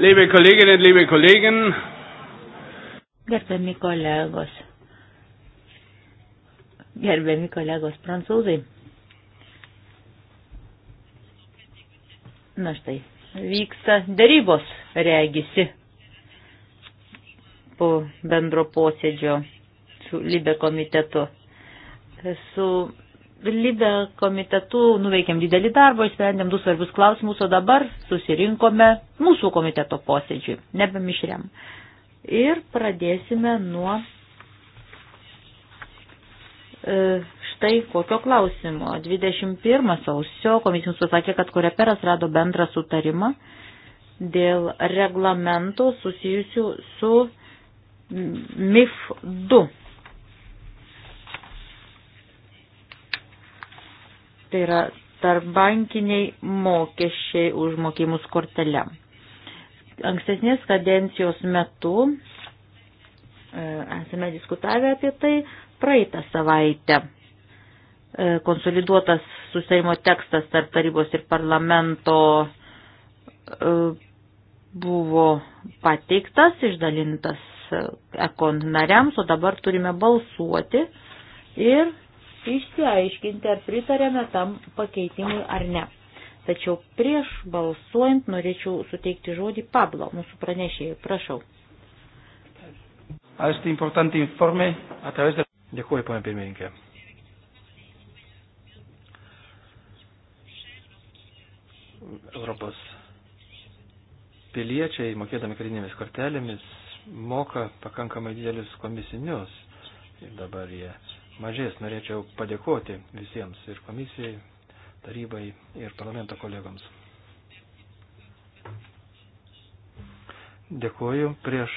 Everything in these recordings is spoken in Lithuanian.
Liebe Kolleginnen, liebe Kollegen. Gerbiami kolegos. Gerbiami kolegos prancūzai. Na štai, vyksta darybos, regisi, po bendro posėdžio su Libe komitetu. Su Libe komitetu nuveikėm didelį darbą, išsprendėm du svarbius klausimus, o dabar susirinkome mūsų komiteto posėdžiui, nebemišriam. Ir pradėsime nuo e, štai kokio klausimo. 21 sausio komisijos pasakė, kad Koreperas rado bendrą sutarimą dėl reglamento susijusių su MIF 2 Tai yra tarbankiniai mokesčiai už mokymus kortelę. Ankstesnės kadencijos metu e, esame diskutavę apie tai praeitą savaitę. E, konsoliduotas susitarimo tekstas tarp tarybos ir parlamento e, buvo pateiktas, išdalintas ekon nariams, o dabar turime balsuoti ir išsiaiškinti, ar pritarėme tam pakeitimui ar ne. Tačiau prieš balsuojant norėčiau suteikti žodį Pablo, mūsų pranešėjai. Prašau. Dėkuoju, pana pirmininkė. Europos piliečiai, mokėdami karinėmis kortelėmis, moka pakankamai didelius komisinius. Ir dabar jie mažės. Norėčiau padėkoti visiems ir komisijai, tarybai ir parlamento kolegoms. Dėkuoju. Prieš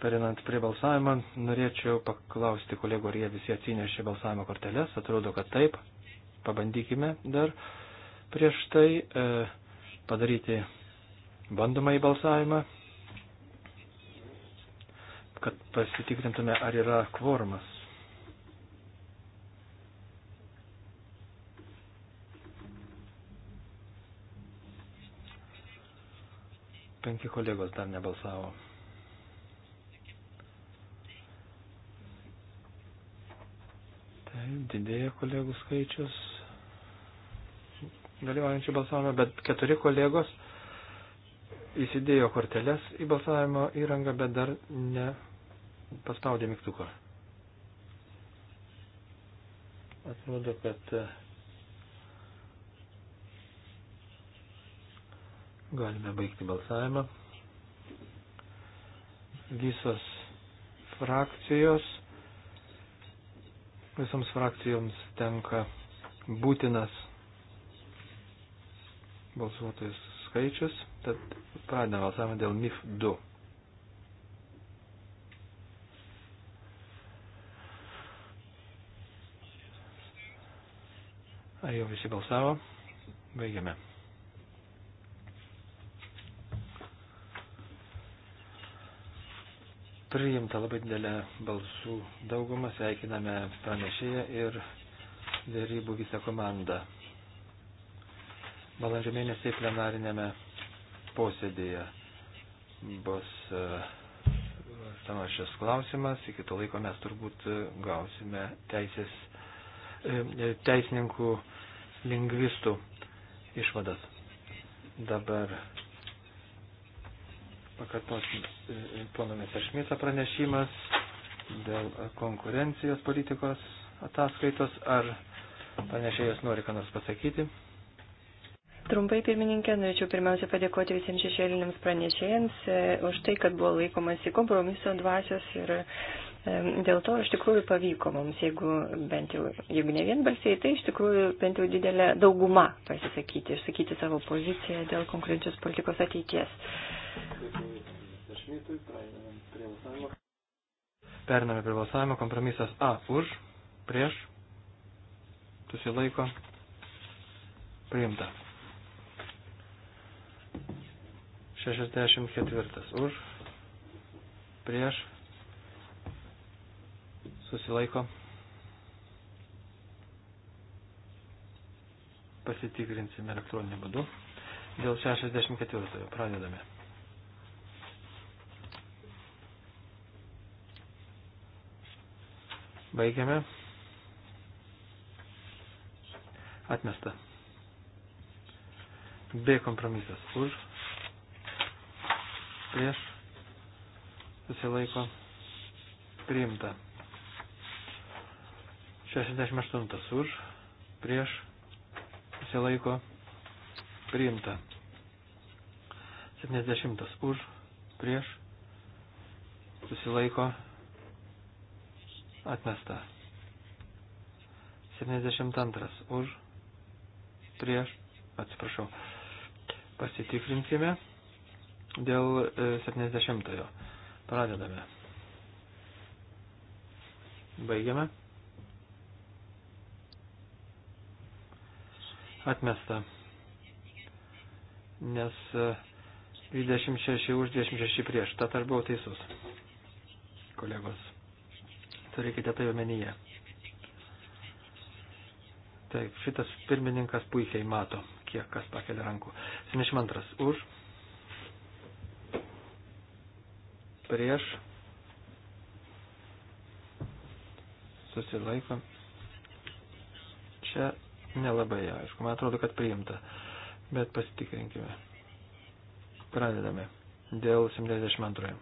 perinant prie balsavimą, norėčiau paklausti kolegų, ar jie visi atsinešė balsavimo korteles. Atrodo, kad taip. Pabandykime dar prieš tai e, padaryti bandomąjį balsavimą, kad pasitikrintume, ar yra kvormas. Penki kolegos dar nebalsavo. Taip, didėja kolegų skaičius dalyvaujančių balsavime, bet keturi kolegos įsidėjo korteles į balsavimo įrangą, bet dar ne paspaudė mygtuko. Atrodo, kad Galime baigti balsavimą. Visos frakcijos, visoms frakcijoms tenka būtinas balsuotojas skaičius, tad pradedame balsavimą dėl MIF 2. Ar jau visi balsavo? Baigiame. Priimta labai didelė balsų daugumą, sveikiname pranešėją ir dėrybų visą komandą. Balandžio mėnesį plenarinėme posėdėje bus e, panašias klausimas, iki to laiko mes turbūt e, gausime teisės, e, teisininkų lingvistų išvadas. Dabar pakartos e, e, pono Mesešmito pranešimas dėl konkurencijos politikos ataskaitos. Ar panešėjas nori ką nors pasakyti? Trumpai, pirmininkė, norėčiau pirmiausia padėkoti visiems šešėliniams pranešėjams e, už tai, kad buvo laikomasi kompromiso dvasios ir Dėl to iš tikrųjų pavyko mums, jeigu bent jau, jeigu ne vienbalsiai, tai iš tikrųjų bent jau didelė dauguma pasisakyti, išsakyti savo poziciją dėl konkurencijos politikos ateities. Periname prie balsavimo. Kompromisas A už, prieš, susilaiko, priimta. 64 už, prieš, susilaiko. Pasitikrinsime elektroninį būdu. Dėl 64 pradedame. Baigiame. Atmesta. B kompromisas už. Prieš. Susilaiko. Priimta. 68 už, prieš, susilaiko, priimta. 70 už, prieš, susilaiko, atmesta. 72 už, prieš, atsiprašau, pasitikrinkime dėl 70-ojo. E, Pradedame. Baigiame. atmesta. Nes 26 e, už 26 prieš. Tad aš buvau teisus, kolegos. Turėkite tai omenyje. Taip, šitas pirmininkas puikiai mato, kiek kas pakelia rankų. 72 už. Prieš. Susilaikom. Čia Nelabai aišku. Man atrodo, kad priimta. Bet pasitikrinkime. Pradedame. Dėl 72.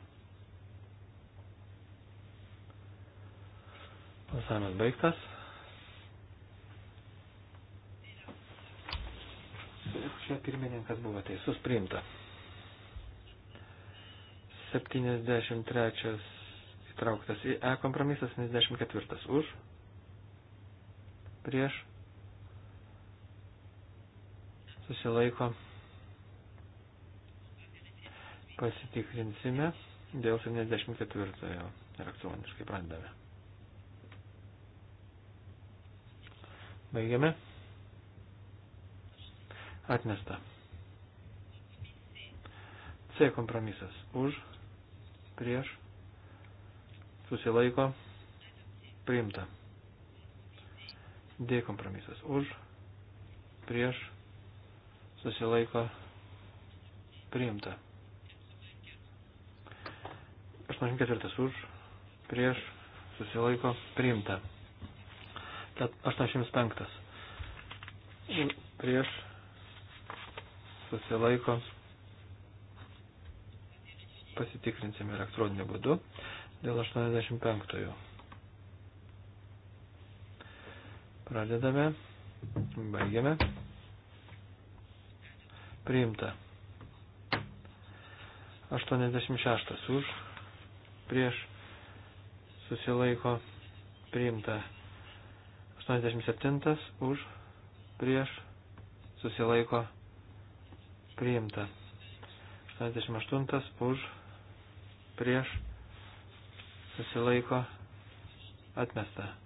Balsavimas baigtas. Čia pirmininkas buvo teisus priimta. 73 įtrauktas į E kompromisas, 74 už, prieš, susilaiko. Pasitikrinsime dėl 74 elektroniškai pradedame. Baigiame. Atmesta. C kompromisas. Už, prieš, susilaiko, priimta. D kompromisas. Už, prieš, susilaiko priimta. 84 už, prieš, susilaiko priimta. 85 prieš, susilaiko pasitikrinsime elektroninį būdu dėl 85-ojo. Pradedame, baigiame priimta. 86 už, prieš, susilaiko, priimta. 87 už, prieš, susilaiko, priimta. 88 už, prieš, susilaiko, atmesta.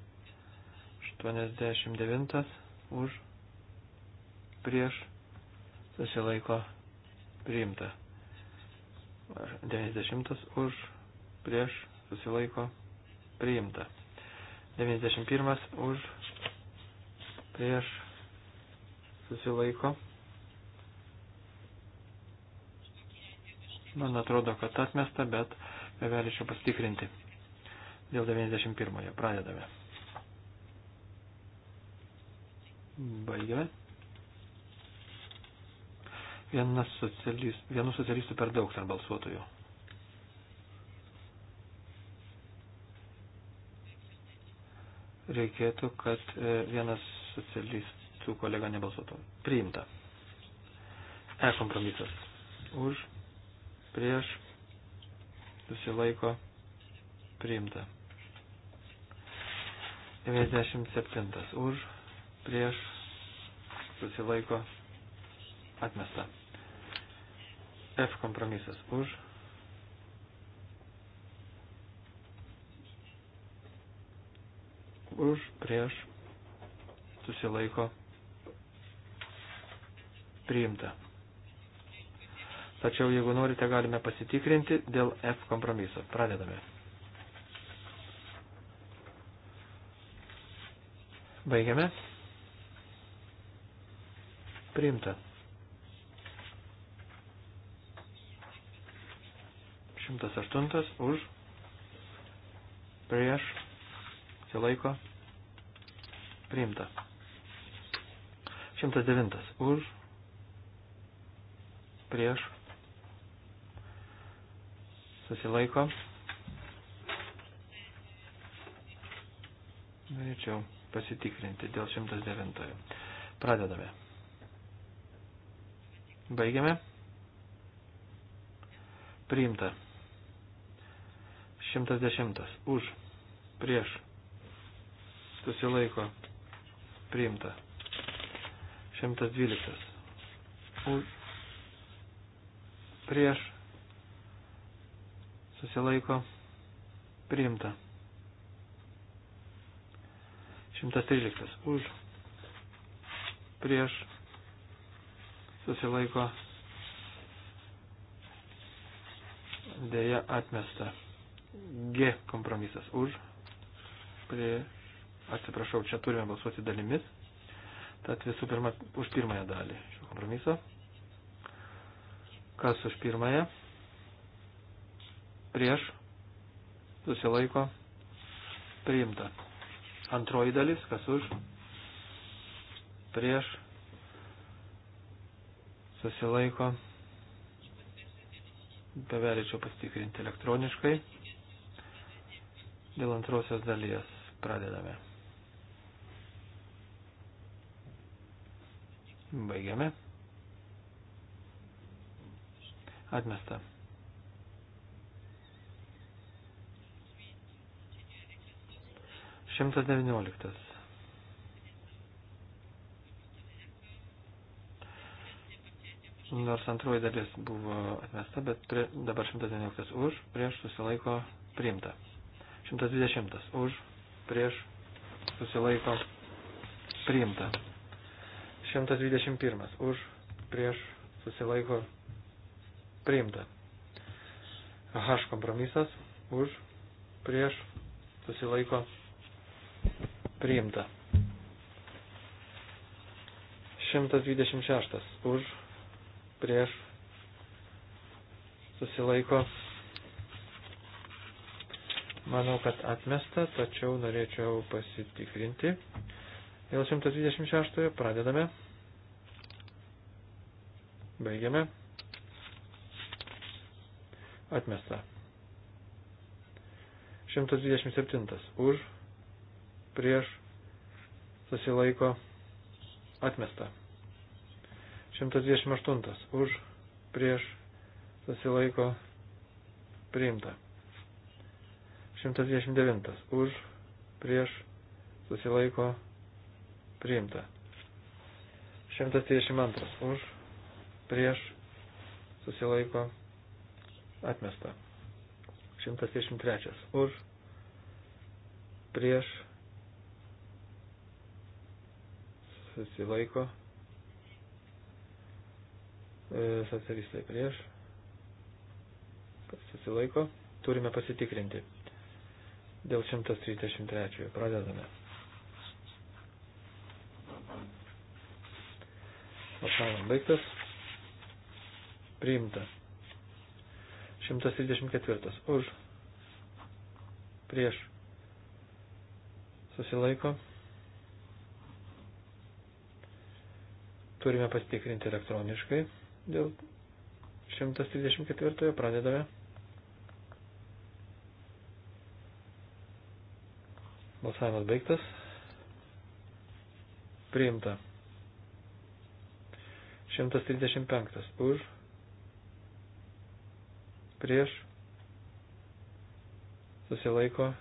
89 už, prieš, susilaiko priimta. 90 už prieš susilaiko priimta. 91 už prieš susilaiko. Man atrodo, kad atmesta, bet bevelėčiau pastikrinti. Dėl 91 pradedame. Baigiame. Vienas socialist, vienu socialistu per daug tarp balsuotojų. Reikėtų, kad e, vienas socialistų kolega nebalsuotų. Priimta. E kompromisas. Už, prieš, susilaiko, priimta. 97. Už, prieš, susilaiko, atmesta. F kompromisas už. Už, prieš, susilaiko, priimta. Tačiau, jeigu norite, galime pasitikrinti dėl F kompromiso. Pradedame. Baigiame. Priimta. 108 už, prieš, atsilaiko, priimta. 109 už, prieš, susilaiko. Norėčiau pasitikrinti dėl 109. Pradedame. Baigiame. Priimta. 110. Už. Prieš. Susilaiko. Priimta. 112. Už. Prieš. Susilaiko. Priimta. 113. Už. Prieš. Susilaiko. Dėja atmesta. G kompromisas už. Prie, atsiprašau, čia turime balsuoti dalimis. Tad visų pirma, už pirmąją dalį šio kompromiso. Kas už pirmąją? Prieš. Susilaiko. Priimta. Antroji dalis, kas už? Prieš. Susilaiko. Beverėčiau pasitikrinti elektroniškai. Dėl antrosios dalies pradedame. Baigiame. Atmesta. Šimtas devynioliktas. Nors antroji dalis buvo atmesta, bet prie, dabar 119 už, prieš susilaiko priimta. 120 už, prieš, susilaiko, priimta. 121 už, prieš, susilaiko, priimta. H kompromisas už, prieš, susilaiko, priimta. 126 už, prieš, susilaiko, priimta Manau, kad atmesta, tačiau norėčiau pasitikrinti. Dėl 126 pradedame. Baigiame. Atmesta. 127. Už. Prieš. Susilaiko. Atmesta. 128. Už. Prieš. Susilaiko. Priimta. 129. Už, prieš, susilaiko, priimta. 132. Už, prieš, susilaiko, atmesta. 133. Už, prieš, susilaiko, e, socialistai prieš, susilaiko, turime pasitikrinti dėl 133. Pradedame. Balsavimas baigtas. Priimta. 134. Už. Prieš. Susilaiko. Turime pasitikrinti elektroniškai dėl 134. Pradedame. Balsavimas baigtas. Priimta. 135 už. Prieš. Susilaiko.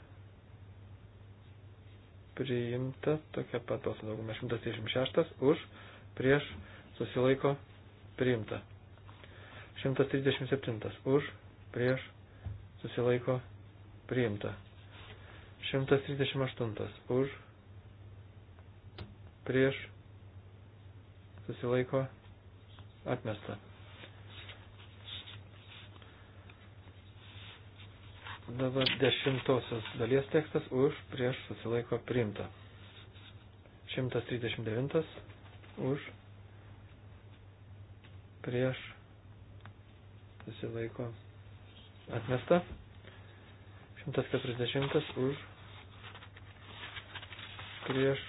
Priimta. Tokia pat balsų dauguma. 136 už. Prieš. Susilaiko. Priimta. 137 už. Prieš. Susilaiko. Priimta. 138 už, prieš, susilaiko, atmesta. Dabar dešimtosios dalies tekstas už, prieš, susilaiko, priimta. 139 už, prieš, susilaiko, atmesta. 140 už, prieš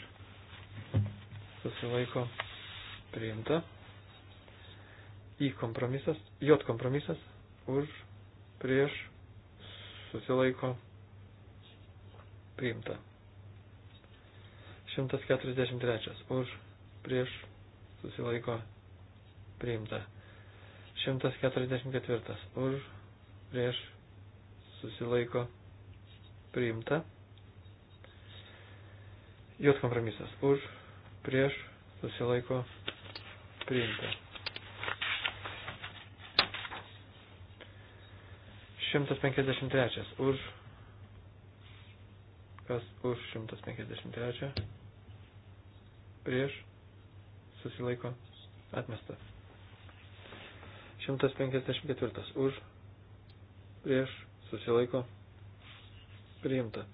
susilaiko priimta. Į kompromisas, J kompromisas už prieš susilaiko priimta. 143 už prieš susilaiko priimta. 144 už prieš susilaiko priimta. Jos kompromisas už, prieš, susilaiko, priimta. 153. Už. Kas už 153? Prieš. Susilaiko. Atmesta. 154. Už. Prieš. Susilaiko. Priimta.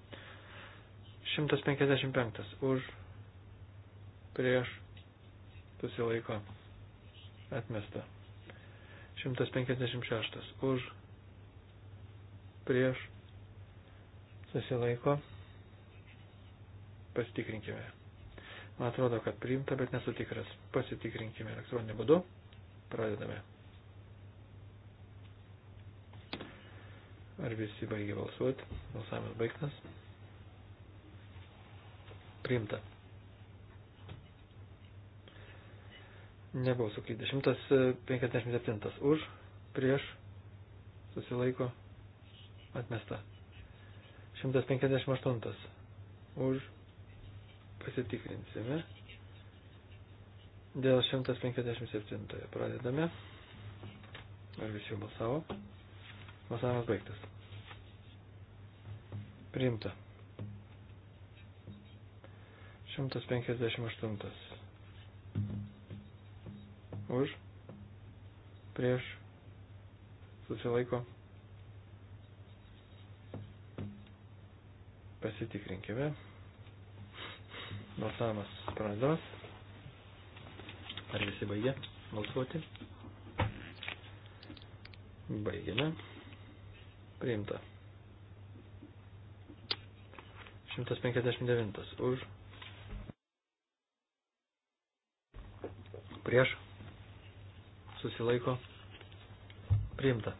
155 už prieš susilaiko atmesta. 156 už prieš susilaiko pasitikrinkime. Man atrodo, kad priimta, bet nesu tikras. Pasitikrinkime elektroniniu būdu. Pradedame. Ar visi baigė balsuoti? Balsavimas baigtas priimta. Nebuvo suklydę. E, 157 už, prieš, susilaiko, atmesta. 158 už, pasitikrinsime. Dėl 157 pradedame. Ar visi jau balsavo? Balsavimas baigtas. Priimta. 158. Už. Prieš. Susilaiko. Pasitikrinkime. Balsavimas pradedamas. Ar visi baigė balsuoti? Baigėme. Priimta. 159. Už prieš, susilaiko, priimta.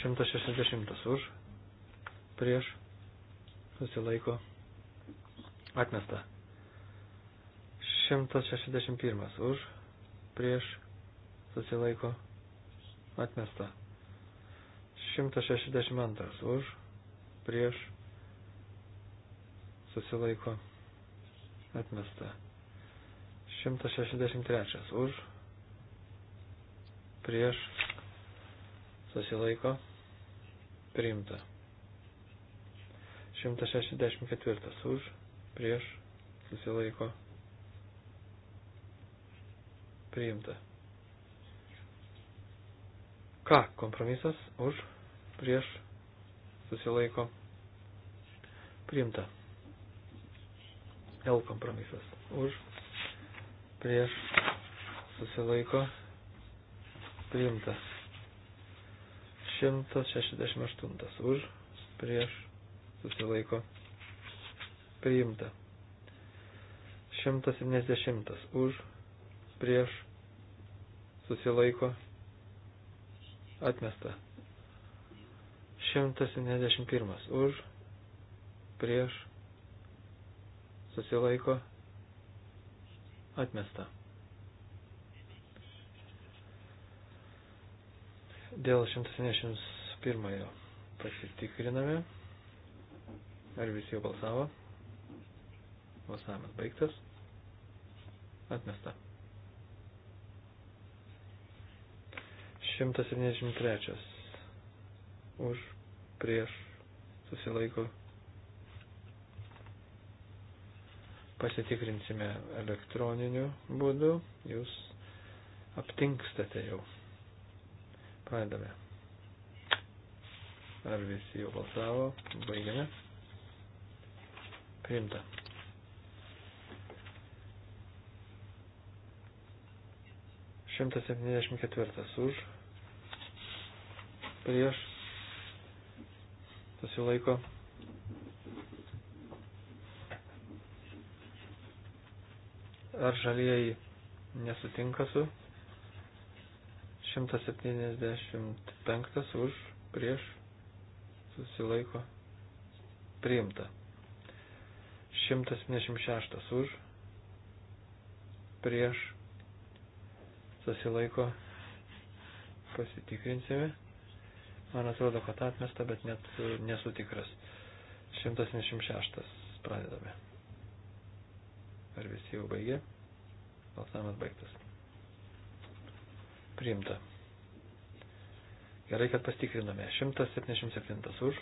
160 už, prieš, susilaiko, atmesta. 161 už, prieš, susilaiko, atmesta. 162 už, prieš, susilaiko, atmesta. 163 už, prieš, susilaiko, priimta. 164 už, prieš, susilaiko, priimta. Ką kompromisas už, prieš, susilaiko, priimta. L kompromisas už, prieš susilaiko priimtas. 168 už prieš susilaiko priimta. 170 už prieš susilaiko atmesta. 171 už prieš susilaiko atmesta atmesta. Dėl 171 pasitikriname, ar visi jau balsavo. Balsavimas baigtas. Atmesta. 173. Už, prieš, susilaiko, pasitikrinsime elektroniniu būdu, jūs aptinkstate jau. Pradedame. Ar visi jau balsavo? Baigiame. Priimta. Šimtas septyniasdešimt ketvirtas už. Prieš. Susilaiko. laiko. Ar žalieji nesutinka su 175 už prieš susilaiko priimta. 176 už prieš susilaiko pasitikrinsime. Man atrodo, kad atmesta, bet net nesu tikras. 176 pradedame. Ar visi jau baigė? Balsavimas baigtas. Priimta. Gerai, kad pastikriname. 177 už,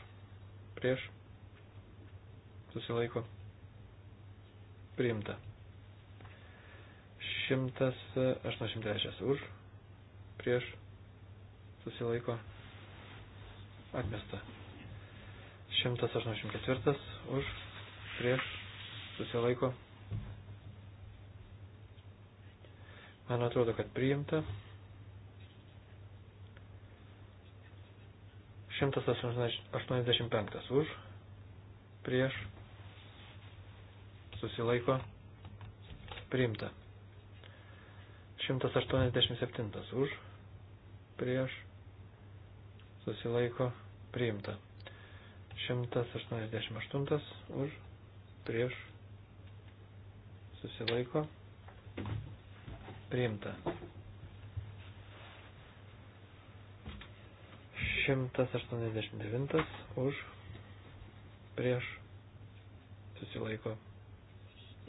prieš, susilaiko, priimta. 183 už, prieš, susilaiko, atmesta. 184 už, prieš, susilaiko, Man atrodo, kad priimta. 185 už, prieš, susilaiko, priimta. 187 už, prieš, susilaiko, priimta. 188 už, prieš, susilaiko, priimta priimta. 189 už prieš susilaiko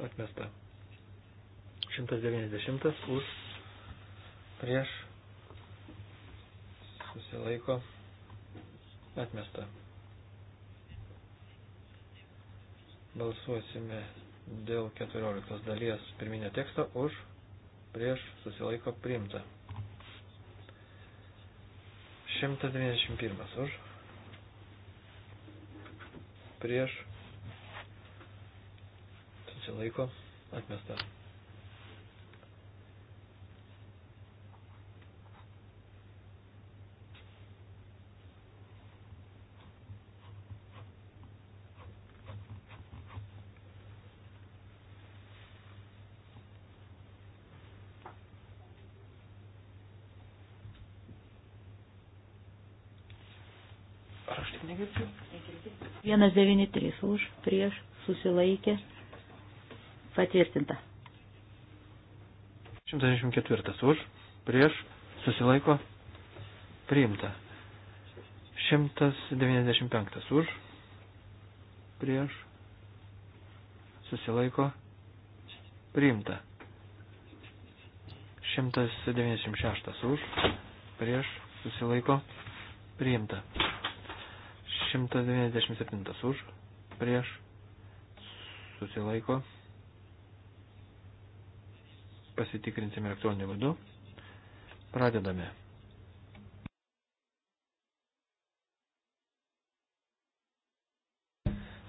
atmesta. 190 už prieš susilaiko atmesta. Balsuosime dėl 14 dalies pirminio teksto už prieš susilaiko priimta. 191 už prieš susilaiko atmesta. 193 už, prieš, susilaikė, patvirtinta. 124 už, prieš, susilaiko, priimta. 195 už, prieš, susilaiko, priimta. 196 už, prieš, susilaiko, priimta. 197 už, prieš, susilaiko. Pasitikrinsime elektroniniu būdu. Pradedame.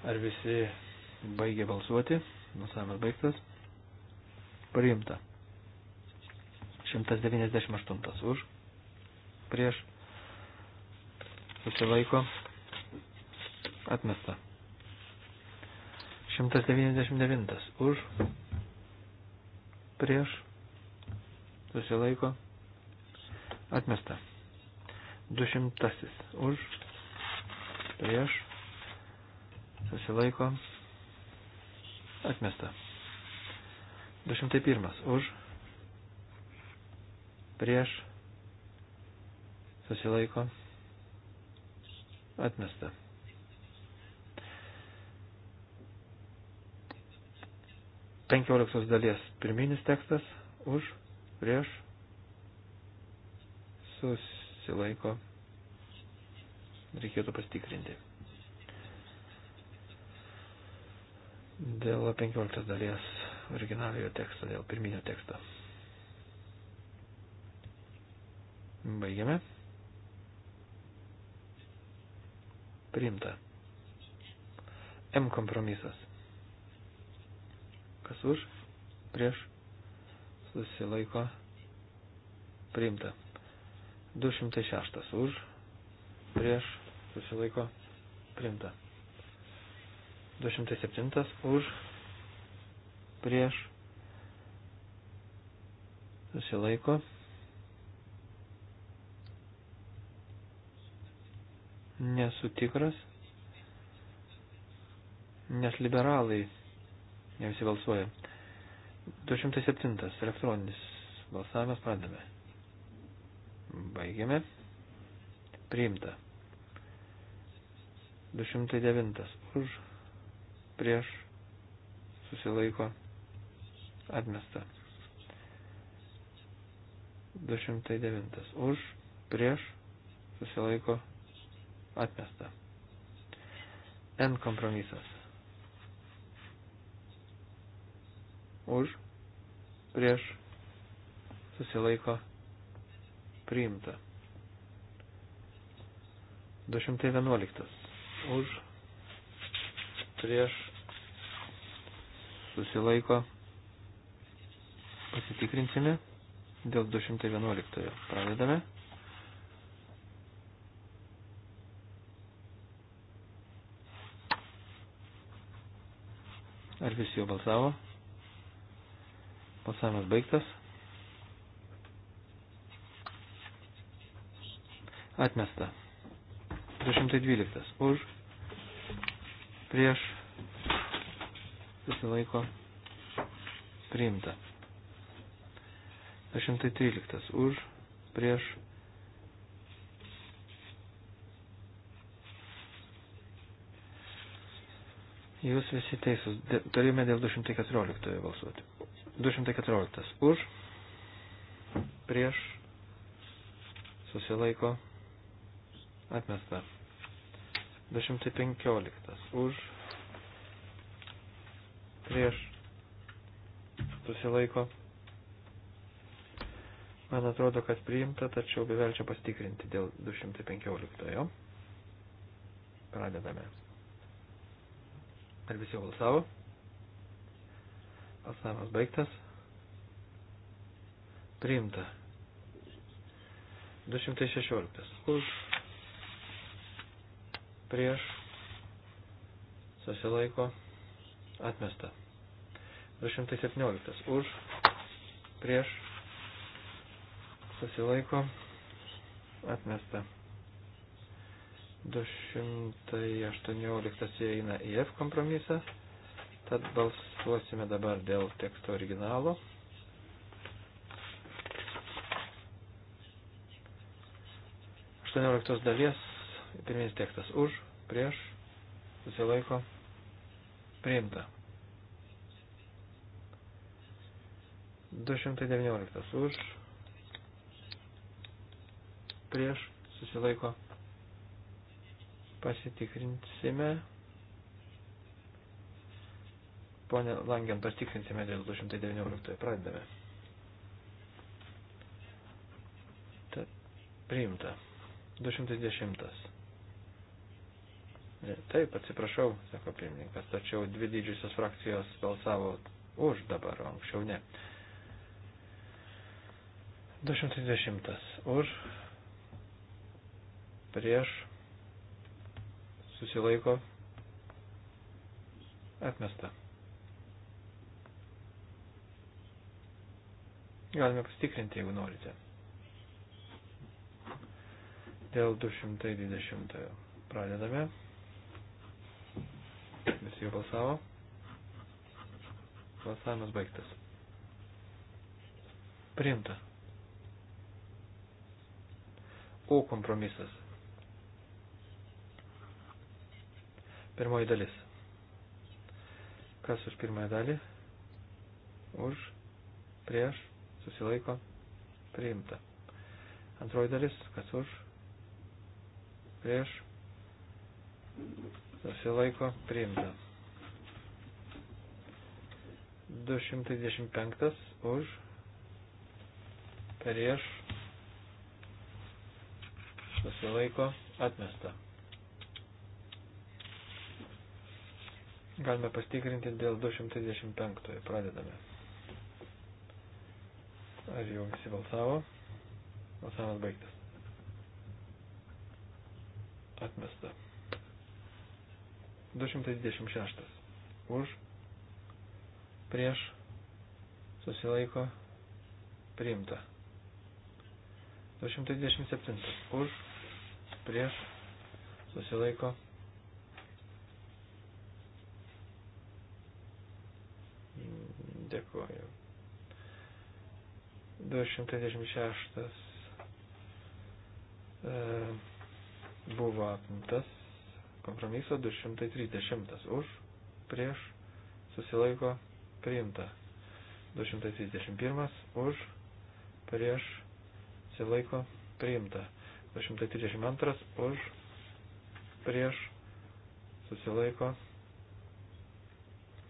Ar visi baigė balsuoti? Nusavimas baigtas. Priimta. 198 už, prieš, susilaiko Atmesta. 199 už. Prieš. Susilaiko. Atmesta. 200 už. Prieš. Susilaiko. Atmesta. 201 už. Prieš. Susilaiko. Atmesta. 15 dalies pirminis tekstas už, prieš, susilaiko, reikėtų pastikrinti. Dėl 15 dalies originaliojo teksto, dėl pirminio teksto. Baigiame. Priimta. M kompromisas. Kas už? Prieš? Susilaiko? Priimta. 206 už? Prieš? Susilaiko? Priimta. 207 už? Prieš? Susilaiko? Nesu tikras, nes liberalai Ne visi balsuoja. 207. Elektroninis balsavimas pradame. Baigiame. Priimta. 209. Už. Prieš. Susilaiko. Atmesta. 209. Už. Prieš. Susilaiko. Atmesta. N kompromisas už, prieš, susilaiko, priimta. 211 už, prieš, susilaiko, pasitikrinsime dėl 211 pradedame. Ar visi jau balsavo? Balsavimas baigtas. Atmesta. 212. Už. Prieš. Susilaiko. Priimta. 213. Už. Prieš. Jūs visi teisūs. Turime dėl 214 balsuoti. 214. Už, prieš, susilaiko, atmesta. 215. Už, prieš, susilaiko. Man atrodo, kad priimta, tačiau bevelčia pastikrinti dėl 215. Jo. Pradedame. Ar visi balsavo? Balsavimas baigtas. Priimta. 216. Už. Prieš. Susilaiko. Atmesta. 217. Už. Prieš. Susilaiko. Atmesta. 218 įeina į F kompromisą. Tad balsas Balsuosime dabar dėl teksto originalo. Aštuonioliktos dalies, pirminis tekstas už, prieš, susilaiko, priimta. 219 už, prieš, susilaiko, pasitikrinsime. Pone Langen, pasitiksinsime dėl 219. Pradedame. Ta, priimta. 210. E, taip, atsiprašau, sako pirmininkas, tačiau dvi didžiosios frakcijos balsavo už dabar, anksčiau ne. 210. Už. Prieš. Susilaiko. Atmesta. Galime pasitikrinti, jeigu norite. Dėl 220 pradedame. Visi jau balsavo. Balsavimas baigtas. Priimta. O kompromisas. Pirmoji dalis. Kas už pirmąją dalį? Už, prieš, susilaiko, priimta. Antroji dalis, kas už, prieš, susilaiko, priimta. 225 už, prieš, susilaiko, atmesta. Galime pastikrinti dėl 225. Pradedame. Ar jau visi balsavo? Balsavimas baigtas. Atmesta. 226. Už. Prieš. Susilaiko. Priimta. 227. Už. Prieš. Susilaiko. Dėkuoju. 226 e, buvo apimtas kompromiso 230 už, prieš, susilaiko, priimta. 231 už, prieš, susilaiko, priimta. 232 už, prieš, susilaiko,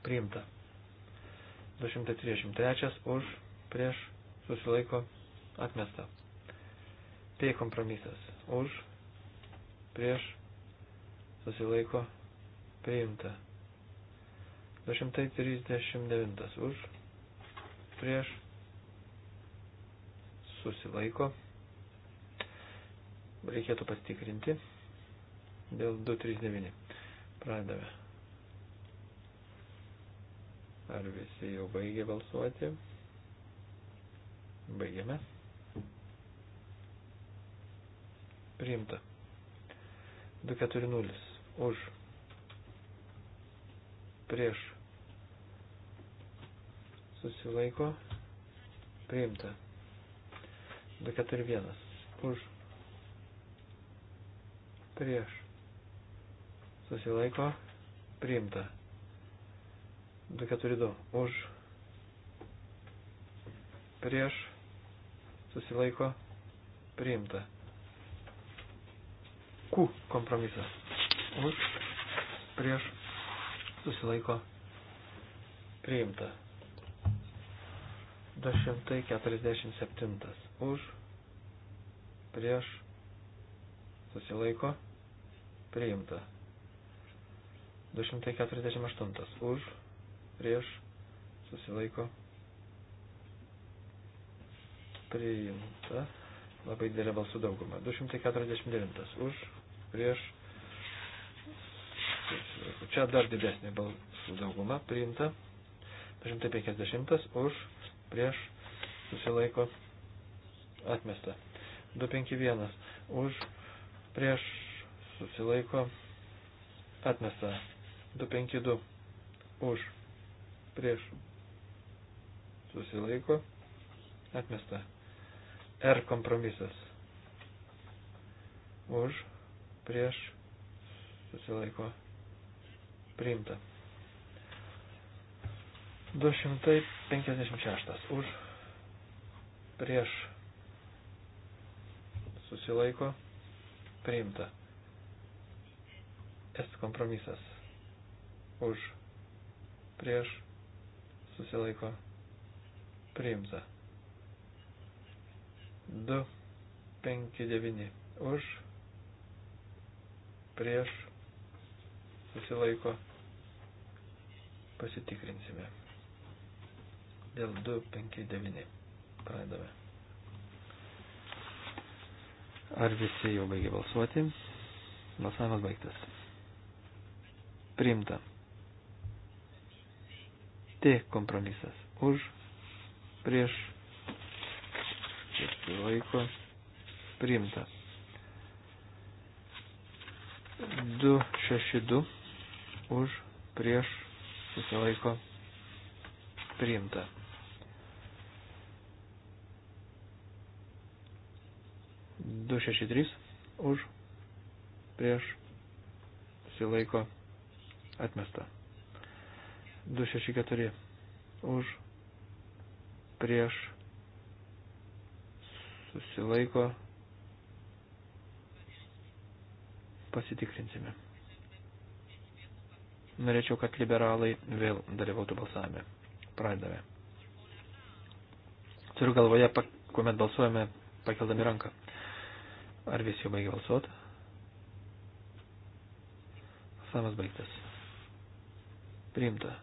priimta. 233 už, prieš, susilaiko atmesta. P kompromisas už, prieš, susilaiko priimta. 239 už, prieš, susilaiko. Reikėtų pasitikrinti dėl 239. Pradame. Ar visi jau baigė balsuoti? Baigiame. Priimta. 240. Už. Prieš. Susilaiko. Priimta. 241. Už. Prieš. Susilaiko. Priimta. 242. Už. Prieš susilaiko priimta. Q kompromisas. Už, prieš, susilaiko priimta. 247. Už, prieš, susilaiko priimta. 248. Už, prieš, susilaiko priimta priimta labai didelė balsų dauguma. 249 už, prieš. Čia dar didesnė balsų dauguma priimta. 250 už, prieš, susilaiko, atmesta. 251 už, prieš, susilaiko, atmesta. 252 už, prieš, susilaiko, atmesta. R kompromisas. Už, prieš, susilaiko, priimta. 256. Už, prieš, susilaiko, priimta. S kompromisas. Už, prieš, susilaiko, priimta. 2, 5, 9 už, prieš, susilaiko, pasitikrinsime. Dėl 2, 5, 9 pradame. Ar visi jau baigė balsuoti? Balsavimas baigtas. Priimta. T kompromisas. Už, prieš, susilaiko priimta. 262 už prieš susilaiko priimta. Du šeši trys už prieš silaiko atmesta. Du šeši keturi už prieš susilaiko, pasitikrinsime. Norėčiau, kad liberalai vėl dalyvautų balsavime. Pradedame. Turiu galvoje, kuomet balsuojame, pakeldami ranką. Ar visi jau baigė balsuoti? Samas baigtas. Priimta.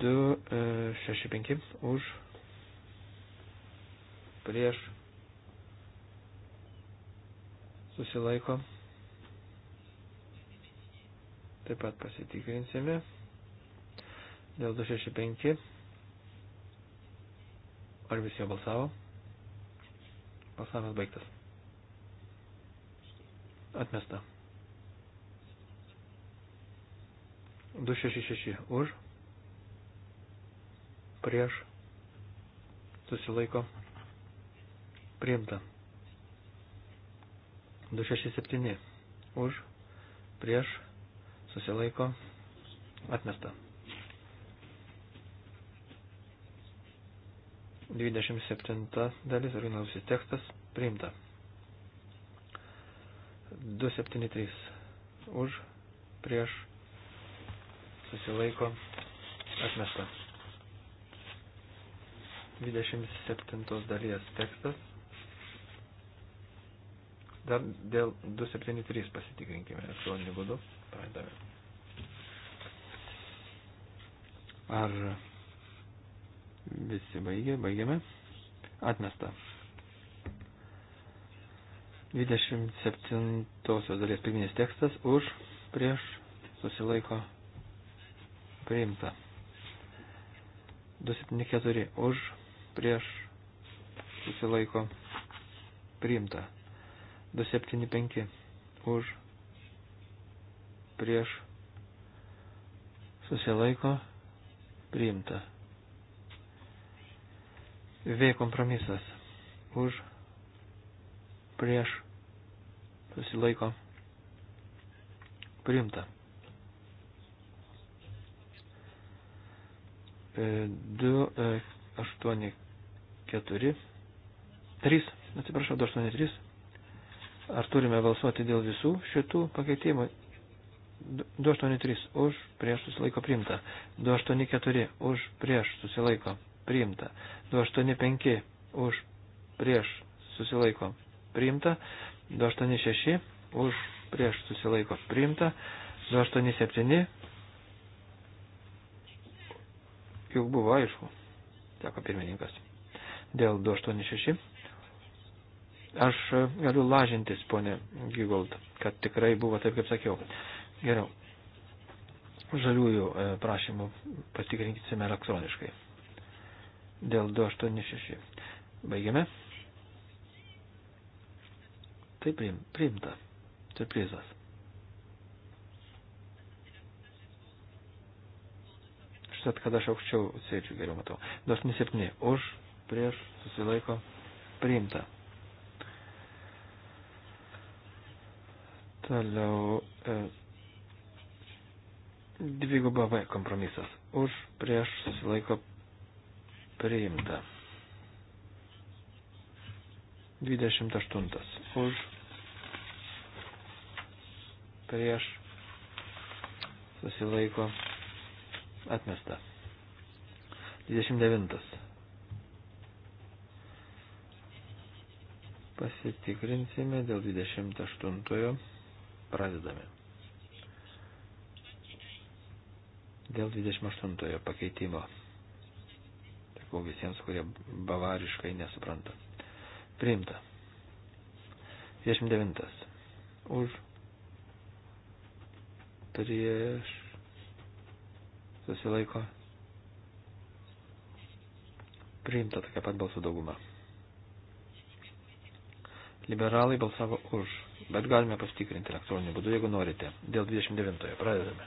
2, 6, 5 už, prieš, susilaiko. Taip pat pasitikrinsime dėl 265. Ar visi jau balsavo? Balsavimas baigtas. Atmesta. 266 už prieš, susilaiko, priimta. 267 už, prieš, susilaiko, atmesta. 27 dalis, originalusis tekstas, priimta. 273 už, prieš, susilaiko, atmesta. 27 dalies tekstas. Dar dėl 273 pasitikrinkime elektroniniu būdu. Pradame. Ar visi baigė? Baigėme. Atmesta. 27 dalies pirminis tekstas už, prieš, susilaiko, priimta. 274 už, prieš susilaiko priimta. 275 už prieš susilaiko priimta. V kompromisas už prieš susilaiko priimta. 2, e, 8, 4, 3, atsiprašau, 283. Ar turime balsuoti dėl visų šitų pakeitimų? 283 už prieš susilaiko priimta. 284 už prieš susilaiko priimta. 285 už prieš susilaiko priimta. 286 už prieš susilaiko priimta. 287 juk buvo aišku, teko pirmininkas dėl 286. Aš e, galiu lažintis, ponė Gigold, kad tikrai buvo taip, kaip sakiau. Geriau. Žaliųjų e, prašymų patikrinkime elektroniškai. Dėl 286. Baigiame. Tai priimta. Surprizas. Užtat, kad aš aukščiau sėdžiu, geriau matau. 27. Už prieš susilaiko priimta. Toliau e, dviguba V kompromisas. Už prieš susilaiko priimta. 28. Už prieš susilaiko atmesta. 29 Pasitikrinsime dėl 28. Pradedame. Dėl 28 pakeitimo. Sakau visiems, kurie bavariškai nesupranta. Priimta. 29. Už. Prieš. Susilaiko. Priimta tokia pat balsų dauguma. Liberalai balsavo už, bet galime pasitikrinti elektroniniu būdu, jeigu norite. Dėl 29-ojo pradedame.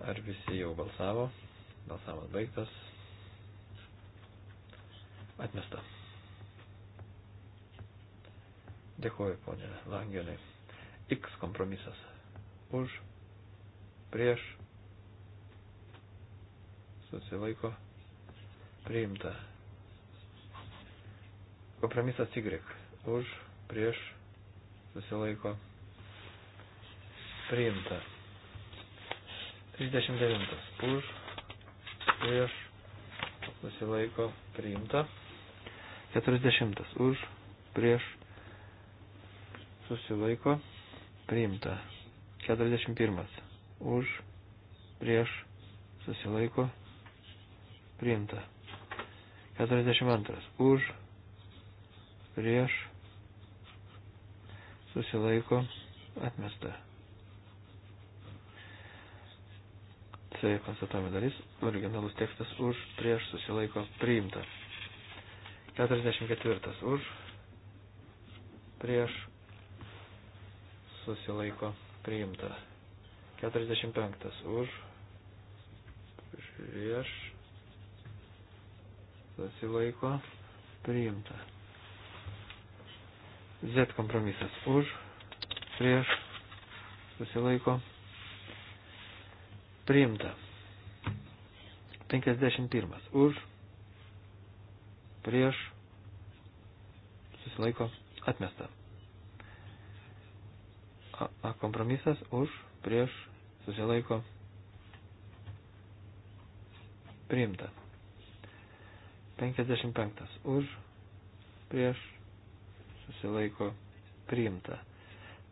Ar visi jau balsavo? Balsavimas baigtas. Atmesta. Dėkuoju, ponė Langelė. X kompromisas. Už, prieš, susilaiko, priimta. Kompromisas Y. Už, prieš, susilaiko, priimta. 39. Už, prieš, susilaiko, priimta. 40. Už, prieš, susilaiko, priimta. 41. Už, prieš, susilaiko, priimta. 42. Už, prieš susilaiko atmesta. C konstatavimo dalis, originalus tekstas už, prieš susilaiko priimta. 44 už, prieš susilaiko priimta. 45 už, prieš susilaiko priimta. Z kompromisas už, prieš, susilaiko, priimta. 51 už, prieš, susilaiko, atmesta. A, a kompromisas už, prieš, susilaiko, priimta. 55 už, prieš, susilaiko priimta.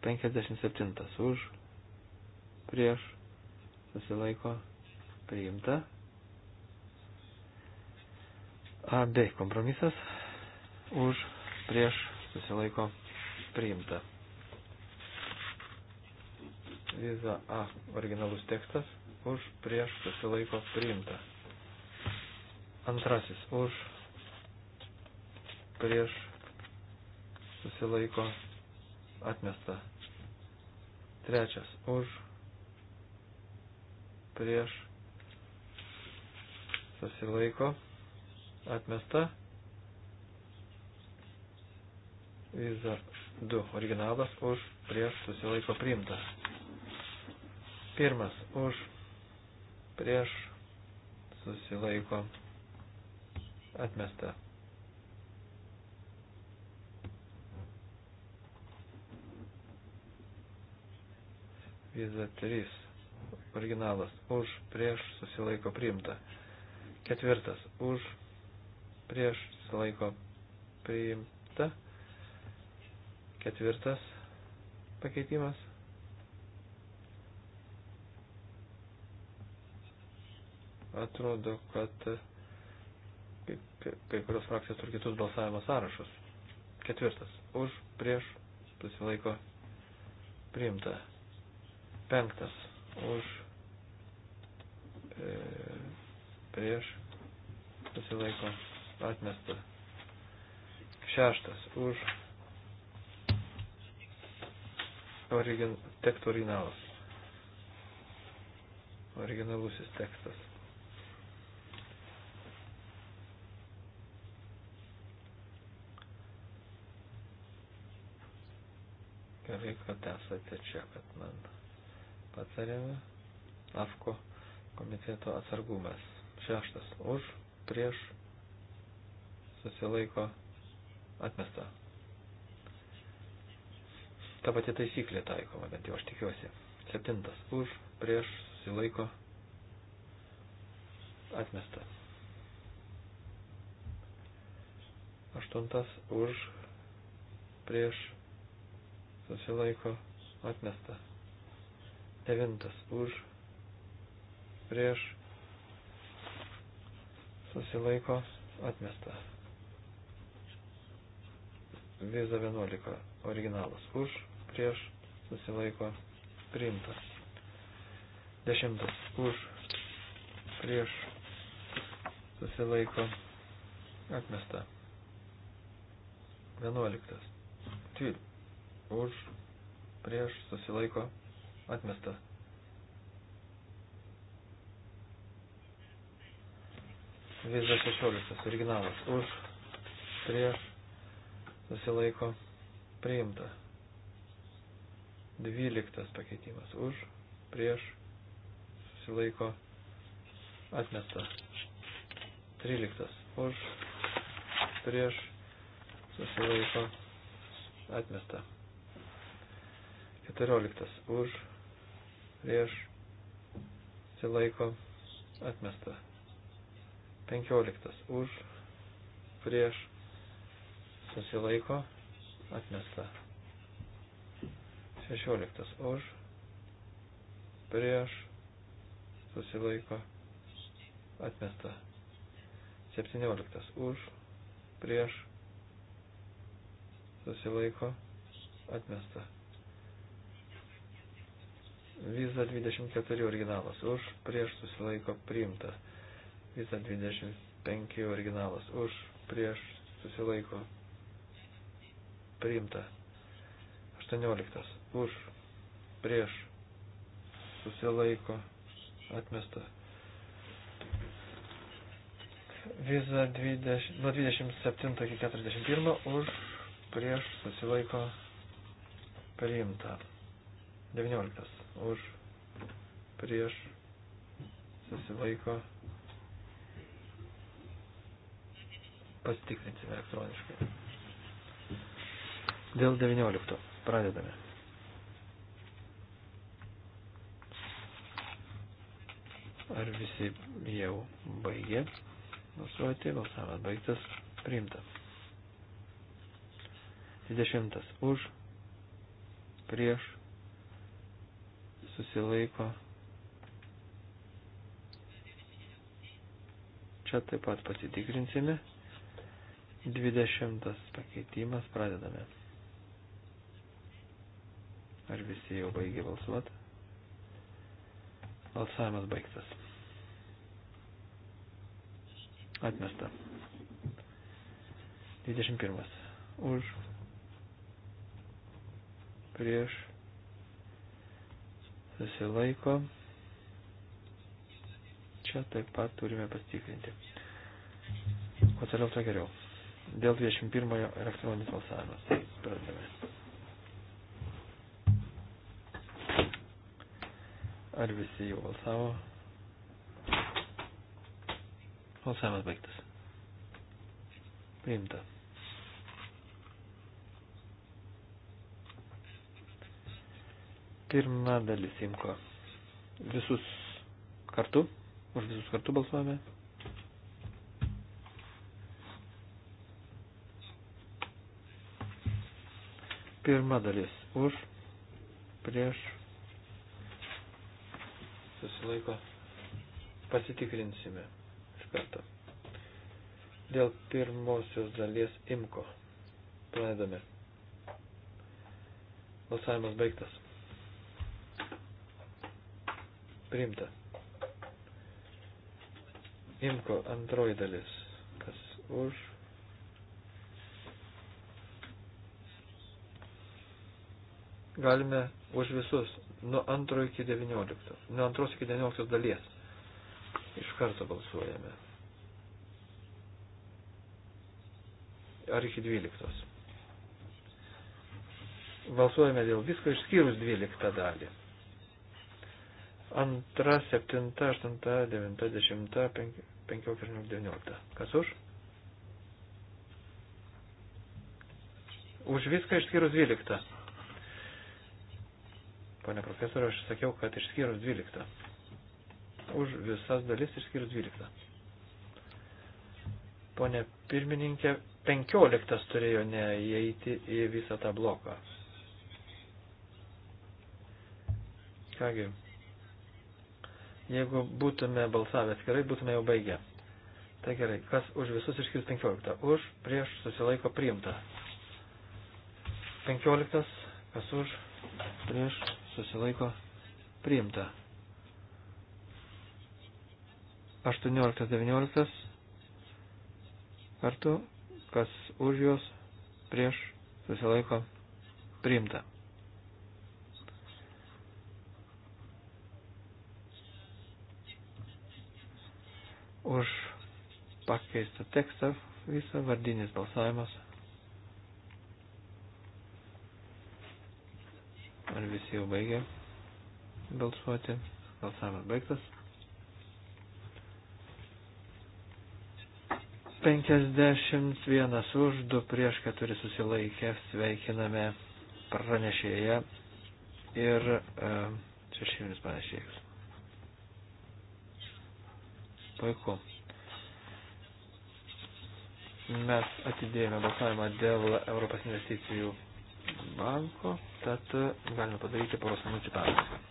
57 už, prieš, susilaiko priimta. AB kompromisas už, prieš, susilaiko priimta. Viza A originalus tekstas už, prieš, susilaiko priimta. Antrasis už, prieš, susilaiko atmesta. Trečias už, prieš, susilaiko atmesta. Viza 2. Originalas už, prieš, susilaiko priimta. Pirmas už, prieš, susilaiko atmesta. Viza 3. Originalas. Už, prieš, susilaiko priimta. Ketvirtas. Už, prieš, susilaiko priimta. Ketvirtas pakeitimas. Atrodo, kad kai, kai kurios frakcijos turi kitus balsavimo sąrašus. Ketvirtas. Už, prieš, susilaiko priimta penktas už e, prieš susilaiko atmesta. Šeštas už origin, teksto originalas. Originalusis tekstas. Gerai, kad esate čia, kad man patarėme. AFKO komiteto atsargumas. Šeštas už, prieš, susilaiko, atmesta. Ta pati taisyklė taikoma, bent jau aš tikiuosi. Septintas už, prieš, susilaiko, atmesta. Aštuntas už, prieš, susilaiko, atmesta. Devintas už, prieš, susilaiko, atmesta. Viza 11, originalas už, prieš, susilaiko, priimtas. Dešimtas už, prieš, susilaiko, atmesta. Vienuoliktas. Tvil. Už, prieš, susilaiko, atmesta. Vizą 16, originalas, už, prieš, susilaiko, priimta. 12 pakeitimas, už, prieš, susilaiko, atmesta. 13, už, prieš, susilaiko, atmesta. 14, už, prieš atsilaiko atmesta. 15 už prieš susilaiko atmesta. 16 už prieš susilaiko atmesta. 17 už prieš susilaiko atmesta. Visa 24 originalas už, prieš susilaiko priimta. Visa 25 originalas už, prieš susilaiko priimta. 18 už, prieš susilaiko atmesta. Visa 20, nuo 27 iki 41 už, prieš susilaiko priimta. 19 už prieš susilaiko pasitikrinsime elektroniškai. Dėl 19. Pradedame. Ar visi jau baigė balsuoti? Balsavimas baigtas. Priimta. 20. Už. Prieš susilaiko. Čia taip pat pasitikrinsime. 20 pakeitimas pradedame. Ar visi jau baigė balsuoti? Balsavimas baigtas. Atmesta. 21. Už. Prieš susilaiko. Čia taip pat turime pasitikrinti. O toliau to geriau. Dėl 21 elektroninis balsavimas. Tai Pradame. Ar visi jau balsavo? Balsavimas baigtas. Priimta. Pirma dalis imko. Visus kartu? Už visus kartu balsuojame? Pirma dalis. Už, prieš, susilaiko. Pasitikrinsime iš karto. Dėl pirmosios dalies imko. Pradedame. Balsavimas baigtas. Priimta. Imko antroji dalis. Kas už? Galime už visus nuo antro iki 19. Nuo antros iki 19 dalies. Iš karto balsuojame. Ar iki 12. Balsuojame dėl visko išskyrus 12 dalį. Antra, septinta, aštunta, devinta, dešimta, penkiolika ir devyniolika. Kas už? Už viską išskyrus dvyliktą. Pane profesoriu, aš sakiau, kad išskyrus dvyliktą. Už visas dalis išskyrus dvyliktą. Pone pirmininkė, penkioliktas turėjo neįeiti į visą tą bloką. Kągi, Jeigu būtume balsavę atskirai, būtume jau baigę. Tai gerai, kas už visus išskyrus 15? Už, prieš, susilaiko priimta. 15, kas už, prieš, susilaiko priimta. 18, 19, kartu, kas už juos, prieš, susilaiko priimta. už pakeistą tekstą visą vardinis balsavimas. Ar visi jau baigė balsuoti? Balsavimas baigtas. 51 už, 2 prieš 4 susilaikė, sveikiname pranešėją ir uh, šešėlinis pranešėjas. Puiku. Mes atidėjome balsavimą dėl Europos investicijų banko, tad galime padaryti poros minučių pertrauką.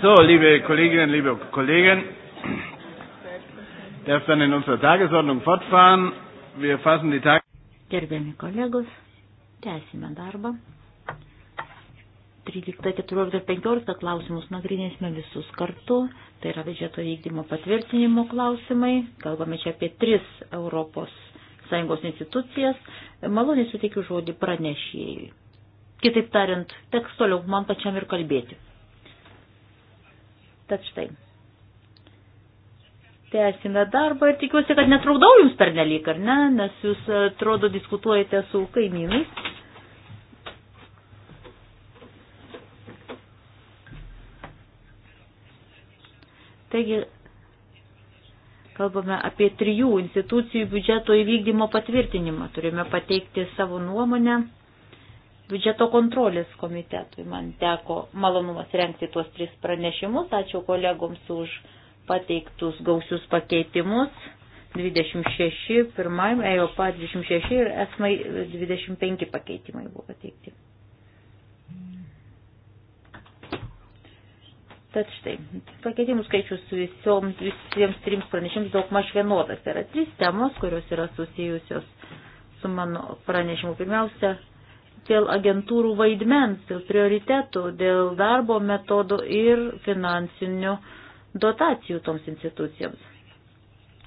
So, liebe Kolleginnen, liebe Kollegen, darf dann in unserer Tagesordnung fortfahren. Wir fassen die Tag. Gerbiami kolegos, tęsime darbą. 13, 14, 15 klausimus nagrinėsime visus kartu. Tai yra biudžeto vykdymo patvirtinimo klausimai. Kalbame čia apie tris Europos Sąjungos institucijas. Maloniai suteikiu žodį pranešėjui. Kitaip tariant, teks toliau man pačiam ir kalbėti. Tad štai. Tęsime darbą ir tikiuosi, kad netraudau jums per nelik, ar ne, nes jūs, atrodo, diskutuojate su kaimynais. Taigi, kalbame apie trijų institucijų biudžeto įvykdymo patvirtinimą. Turime pateikti savo nuomonę biudžeto kontrolės komitetui. Man teko malonumas renkti tuos tris pranešimus. Ačiū kolegoms už pateiktus gausius pakeitimus. 26, pirmajam, EOPA 26 ir ESMAI 25 pakeitimai buvo pateikti. Tad štai, pakeitimų skaičius visoms, visiems trims pranešims daug maž vienodas. Tai yra trys temos, kurios yra susijusios su mano pranešimu. Pirmiausia, dėl agentūrų vaidmens, dėl prioritetų, dėl darbo metodų ir finansinių dotacijų toms institucijoms.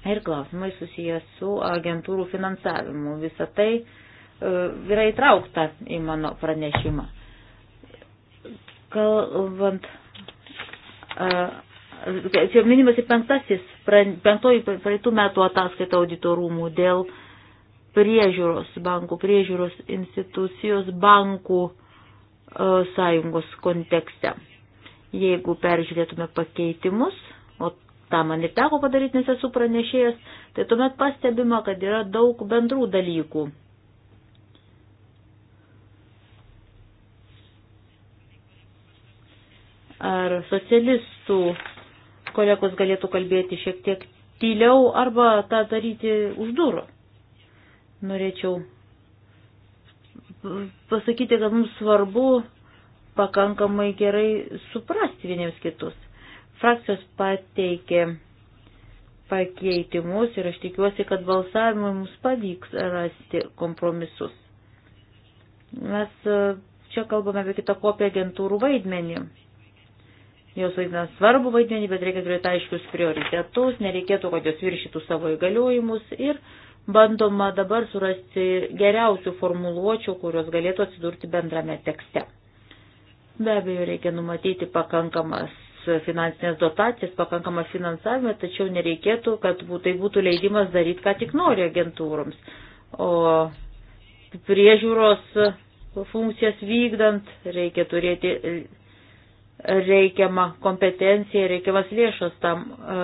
Ir klausimai susijęs su agentūrų finansavimu. Visą tai e, yra įtraukta į mano pranešimą. Kalbant, e, čia minimas ir penktasis, penktoji praeitų metų ataskaita auditorumų dėl uh, priežiūros, bankų priežiūros institucijos bankų e, sąjungos kontekste. Jeigu peržiūrėtume pakeitimus, o tą man ir teko padaryti, nes esu pranešėjas, tai tuomet pastebima, kad yra daug bendrų dalykų. Ar socialistų kolegos galėtų kalbėti šiek tiek tyliau arba tą daryti už durų? Norėčiau pasakyti, kad mums svarbu pakankamai gerai suprasti vieniems kitus. Frakcijos pateikė pakeitimus ir aš tikiuosi, kad balsavimui mums pavyks rasti kompromisus. Mes e, čia kalbame apie kitą kopiją agentūrų vaidmenį. Jos vaidina svarbu vaidmenį, bet reikia turėti aiškius prioritetus, nereikėtų, kad jos viršytų savo įgaliojimus ir uh, bandoma dabar surasti geriausių formuluočių, kurios galėtų atsidurti bendrame tekste. Be abejo, reikia numatyti pakankamas finansinės dotacijas, pakankamą finansavimą, tačiau nereikėtų, kad tai būtų leidimas daryti, ką tik nori agentūroms. O priežiūros funkcijas vykdant reikia turėti reikiamą kompetenciją, reikiamas lėšas tam e,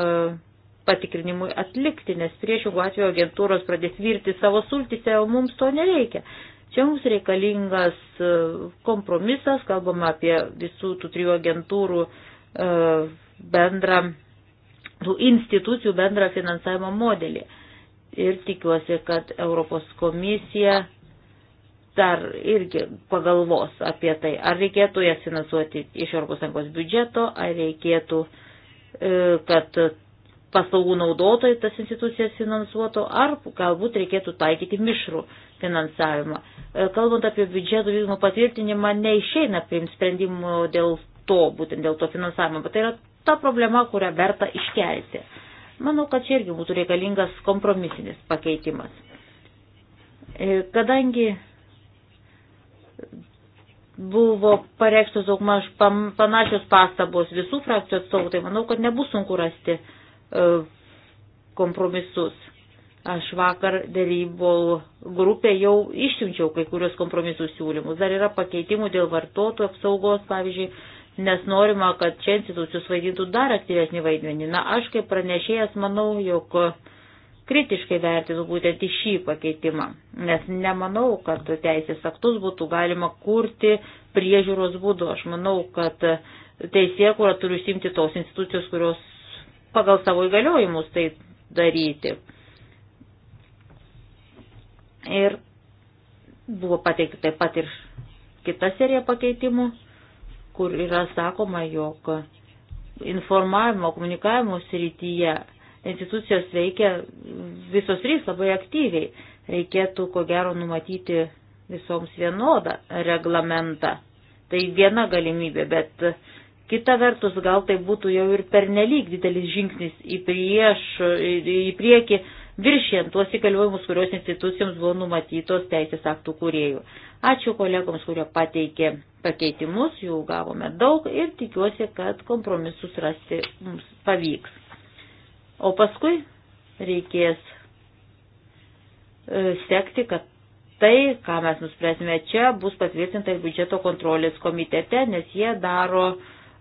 patikrinimui atlikti, nes priešingų atveju agentūros pradės virti savo sultise, o mums to nereikia. Čia mums reikalingas e, kompromisas, kalbama apie visų tų trijų agentūrų e, bendrą, tų institucijų bendrą finansavimo modelį. Ir tikiuosi, kad Europos komisija dar irgi pagalvos apie tai, ar reikėtų jas finansuoti iš ES biudžeto, ar reikėtų, e, kad paslaugų naudotojai tas institucijas finansuotų, ar galbūt reikėtų taikyti mišrų finansavimą. E, kalbant apie biudžeto vykdymo patvirtinimą, neišeina priimti sprendimų dėl to, būtent dėl to finansavimo, bet tai yra ta problema, kurią verta iškelti. Manau, kad čia irgi būtų reikalingas kompromisinis pakeitimas. E, kadangi buvo pareikštos daugmaž panašios pastabos visų frakcijų atstovų, tai manau, kad nebus sunku rasti uh, E, kompromisus. Aš vakar dėrybų grupė jau išsiunčiau kai kurios kompromisų siūlymus. Dar yra pakeitimų dėl vartotojų apsaugos, pavyzdžiui, nes norima, kad čia institucijos vaidintų dar aktyvesnį vaidmenį. Na, aš kaip pranešėjas manau, jog kritiškai vertinu būtent į šį pakeitimą, nes nemanau, kad teisės aktus būtų galima kurti priežiūros būdu. Aš manau, kad teisė, kurą turi simti tos institucijos, kurios pagal savo įgaliojimus tai daryti. Ir buvo pateikti taip pat ir kita serija pakeitimų, kur yra sakoma, jog informavimo, komunikavimo srityje institucijos veikia visos trys labai aktyviai. Reikėtų, ko gero, numatyti visoms vienodą reglamentą. Tai viena galimybė, bet Kita vertus, gal tai būtų jau ir pernelyg didelis žingsnis į, prieš, į priekį, viršient tuos įgaliojimus, kurios institucijoms buvo numatytos teisės aktų kuriejų. Ačiū kolegoms, kurie pateikė pakeitimus, jų gavome daug ir tikiuosi, kad kompromisus rasti mums pavyks. O paskui reikės e, sekti, kad tai, ką mes nuspręsime čia, bus patvirtinta ir biudžeto kontrolės komitete, nes jie daro uh,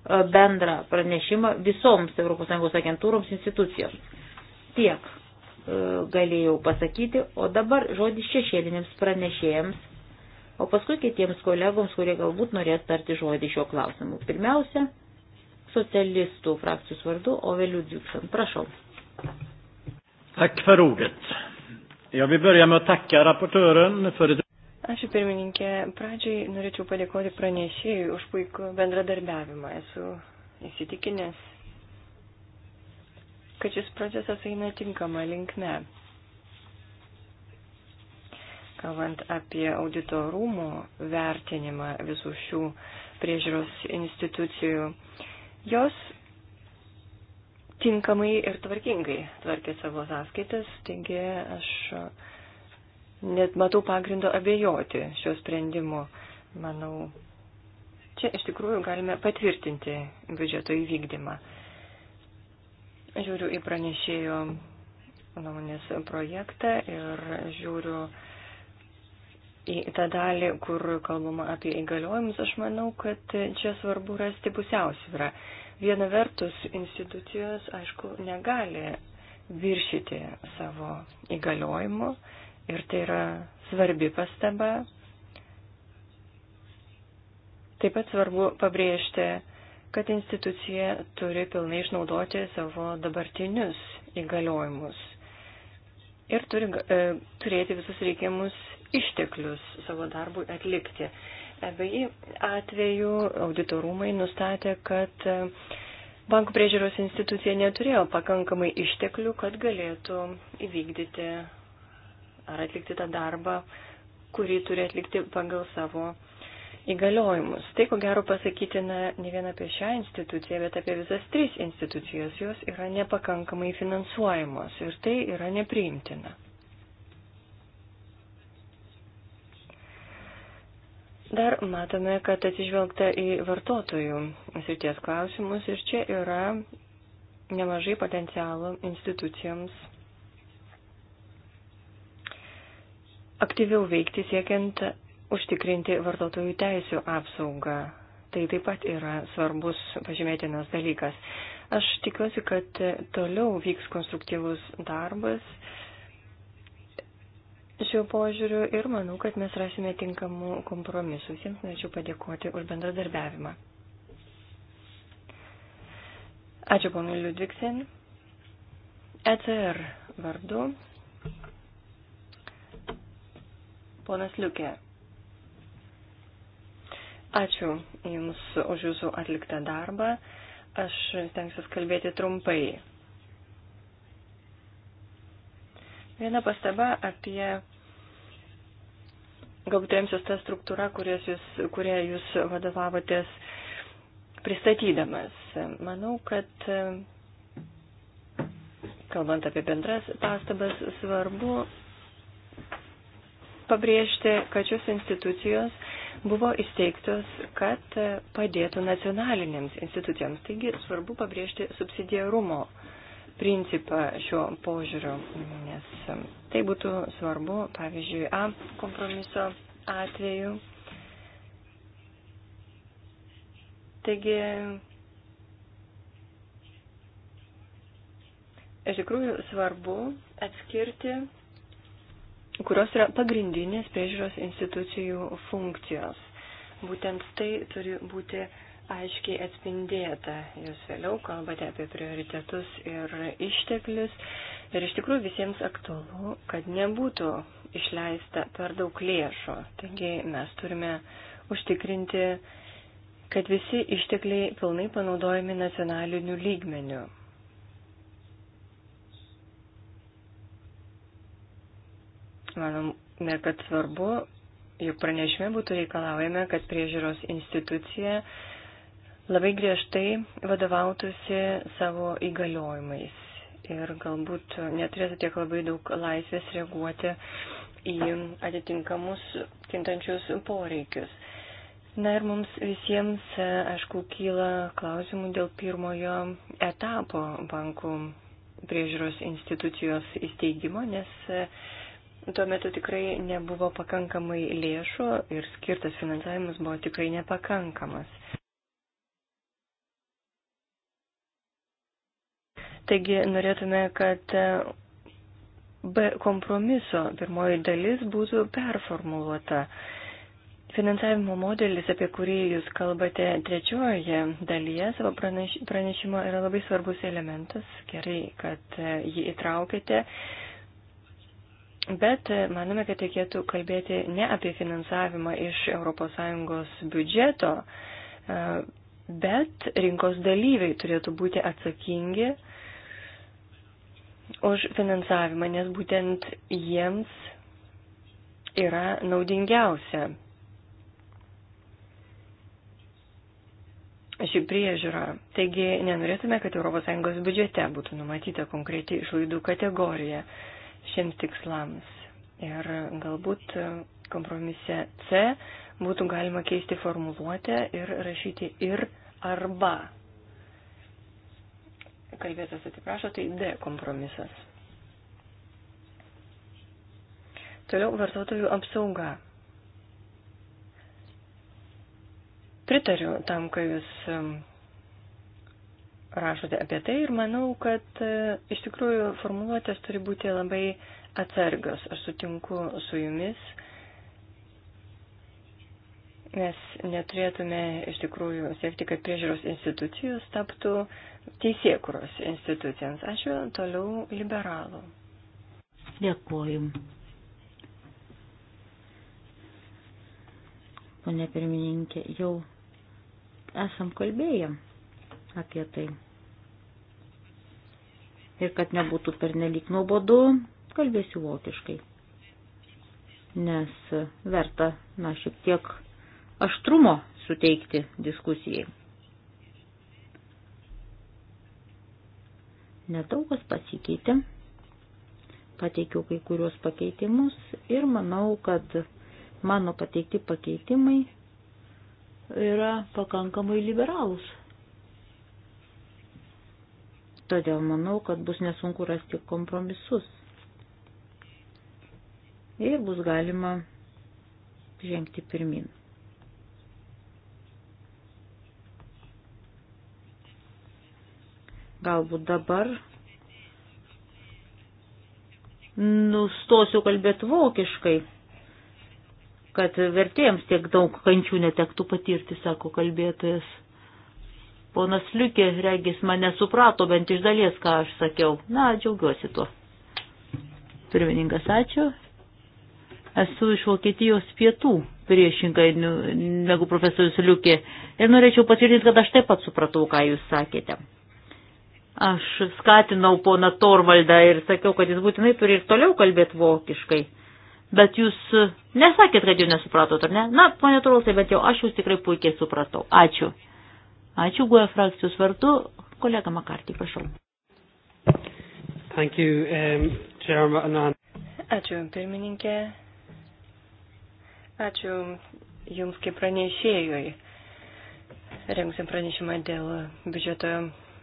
E, bendrą pranešimą visoms ES agentūroms institucijoms. Tiek e, galėjau pasakyti, o dabar žodis šešėlinėms pranešėjams, o paskui kitiems kolegoms, kurie galbūt norės tarti žodį šiuo klausimu. Pirmiausia, socialistų frakcijos vardu Oveliu Dzikson. Prašau. Tack för ordet. Jag vill börja med att tacka rapportören för det. Ačiū pirmininkė. Pradžiai norėčiau padėkoti pranešėjui už puikų bendradarbiavimą. Esu įsitikinęs, kad šis procesas eina tinkama linkme. Kalbant apie auditorumų vertinimą visų šių priežiūros institucijų, jos tinkamai ir tvarkingai tvarkė savo sąskaitas, taigi aš net matau pagrindo abejoti šio sprendimu. Manau, čia iš tikrųjų galime patvirtinti biudžeto įvykdymą. Žiūriu į pranešėjo nuomonės projektą ir žiūriu į tą dalį, kur kalbama apie įgaliojimus. Aš manau, kad čia svarbu rasti pusiausvyrą. Viena vertus, institucijos, aišku, negali viršyti savo įgaliojimu Ir tai yra svarbi pastaba. Taip pat svarbu pabrėžti, kad institucija turi pilnai išnaudoti savo dabartinius įgaliojimus ir turi e, turėti visus reikiamus išteklius savo darbui atlikti. Abiejų atveju auditorumai nustatė, kad e, bankų priežiūros institucija neturėjo pakankamai išteklių, kad galėtų įvykdyti ar atlikti tą darbą, kurį turi atlikti pagal savo įgaliojimus. Tai, ko gero, pasakytina ne vien apie šią instituciją, bet apie visas tris institucijas. Jos yra nepakankamai finansuojamos ir tai yra nepriimtina. Dar matome, kad atsižvelgta į vartotojų srities klausimus ir čia yra nemažai potencialų institucijoms aktyviau veikti siekiant užtikrinti vartotojų teisų apsaugą. Tai taip pat yra svarbus pažymėtinas dalykas. Aš tikiuosi, kad toliau vyks konstruktyvus darbas šiuo požiūriu ir manau, kad mes rasime tinkamų kompromisų. Visiems norėčiau padėkoti už bendradarbiavimą. Ačiū ponui Liudviksen. ECR vardu Ponas Liukė. Ačiū Jums už Jūsų atliktą darbą. Aš stengsiuosi kalbėti trumpai. Viena pastaba apie galbūt remsiuos tą struktūrą, jūs, kurie Jūs vadovavotės pristatydamas. Manau, kad kalbant apie bendras pastabas, svarbu pabrėžti, kad šios institucijos buvo įsteigtos, kad padėtų nacionalinėms institucijoms. Taigi svarbu pabrėžti subsidiarumo principą šiuo požiūriu, nes tai būtų svarbu, pavyzdžiui, A kompromiso atveju. Taigi, iš tikrųjų svarbu atskirti kurios yra pagrindinės priežiūros institucijų funkcijos. Būtent tai turi būti aiškiai atspindėta. Jūs vėliau kalbate apie prioritetus ir išteklius. Ir iš tikrųjų visiems aktualu, kad nebūtų išleista per daug lėšų. Taigi mes turime užtikrinti, kad visi ištekliai pilnai panaudojami nacionaliniu lygmeniu. manome, kad svarbu, juk pranešime būtų reikalaujame, kad priežiūros institucija labai griežtai vadovautųsi savo įgaliojimais ir galbūt neturėtų tiek labai daug laisvės reaguoti į atitinkamus kintančius poreikius. Na ir mums visiems, aišku, kyla klausimų dėl pirmojo etapo bankų priežiūros institucijos įsteigimo, nes tuo metu tikrai nebuvo pakankamai lėšų ir skirtas finansavimas buvo tikrai nepakankamas. Taigi norėtume, kad e, B kompromiso pirmoji dalis būtų performuluota. Finansavimo modelis, apie kurį jūs kalbate trečiojoje dalyje savo pranešimo, yra labai svarbus elementas. Gerai, kad e, jį įtraukėte. Bet e, manome, kad reikėtų kalbėti ne apie finansavimą iš ES biudžeto, e, bet rinkos dalyviai turėtų būti atsakingi už finansavimą, nes būtent jiems yra naudingiausia ši priežiūra. Taigi nenorėtume, kad ES biudžete būtų numatyta konkreti išlaidų kategorija šiems tikslams. Ir galbūt kompromise C būtų galima keisti formuluotę ir rašyti ir arba. Kalbėtas atsiprašo, tai D kompromisas. Toliau vartotojų apsauga. Pritariu tam, ką jūs rašote apie tai ir manau, kad e, iš tikrųjų formuluotės turi būti labai atsargios. Aš sutinku su jumis, nes neturėtume iš tikrųjų siekti, kad priežiūros institucijos taptų teisėkuros institucijams. Ačiū toliau liberalų. Dėkuoju. Pone pirmininkė, jau esam kalbėję apie tai ir kad nebūtų pernelyg nuobodu, kalbėsiu vokiškai. Nes verta, na, šiek tiek aštrumo suteikti diskusijai. Nedaug kas pasikeitė, pateikiau kai kurios pakeitimus ir manau, kad mano pateikti pakeitimai yra pakankamai liberalūs. Todėl manau, kad bus nesunku rasti kompromisus. Ir bus galima žengti pirmin. Galbūt dabar nustosiu kalbėti vokiškai, kad vertėjams tiek daug kančių netektų patirti, sako kalbėtojas. Ponas Liukė, regis, mane suprato bent iš dalies, ką aš sakiau. Na, džiaugiuosi tuo. Pirmininkas, ačiū. Esu iš Vokietijos pietų priešingai nu, negu profesorius Liukė. Ir norėčiau patvirtinti, kad aš taip pat supratau, ką jūs sakėte. Aš skatinau poną Torvaldą ir sakiau, kad jis būtinai turi ir toliau kalbėti vokiškai. Bet jūs nesakėt, kad jau nesupratot, ar ne? Na, ponė Torvaldai, bet jau aš jūs tikrai puikiai supratau. Ačiū. Ačiū, guoja frakcijos vardu. Kolega Makartį, prašau. Thank you, um, Chairman. Ačiū, pirmininkė. Ačiū Jums kaip pranešėjui. Rengsim pranešimą dėl biudžeto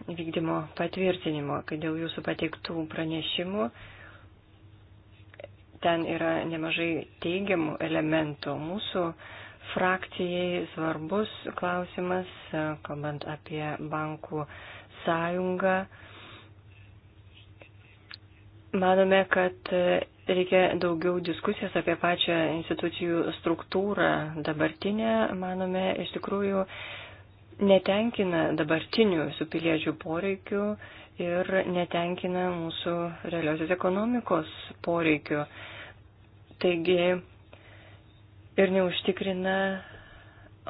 vykdymo patvirtinimo, kad dėl Jūsų pateiktų pranešimų ten yra nemažai teigiamų elementų. Mūsų uh, frakcijai svarbus klausimas, kalbant apie bankų sąjungą. Manome, kad reikia daugiau diskusijos apie pačią institucijų struktūrą dabartinę. Manome, iš tikrųjų netenkina dabartinių supiliečių poreikių ir netenkina mūsų realiosios ekonomikos poreikių. Taigi ir neužtikrina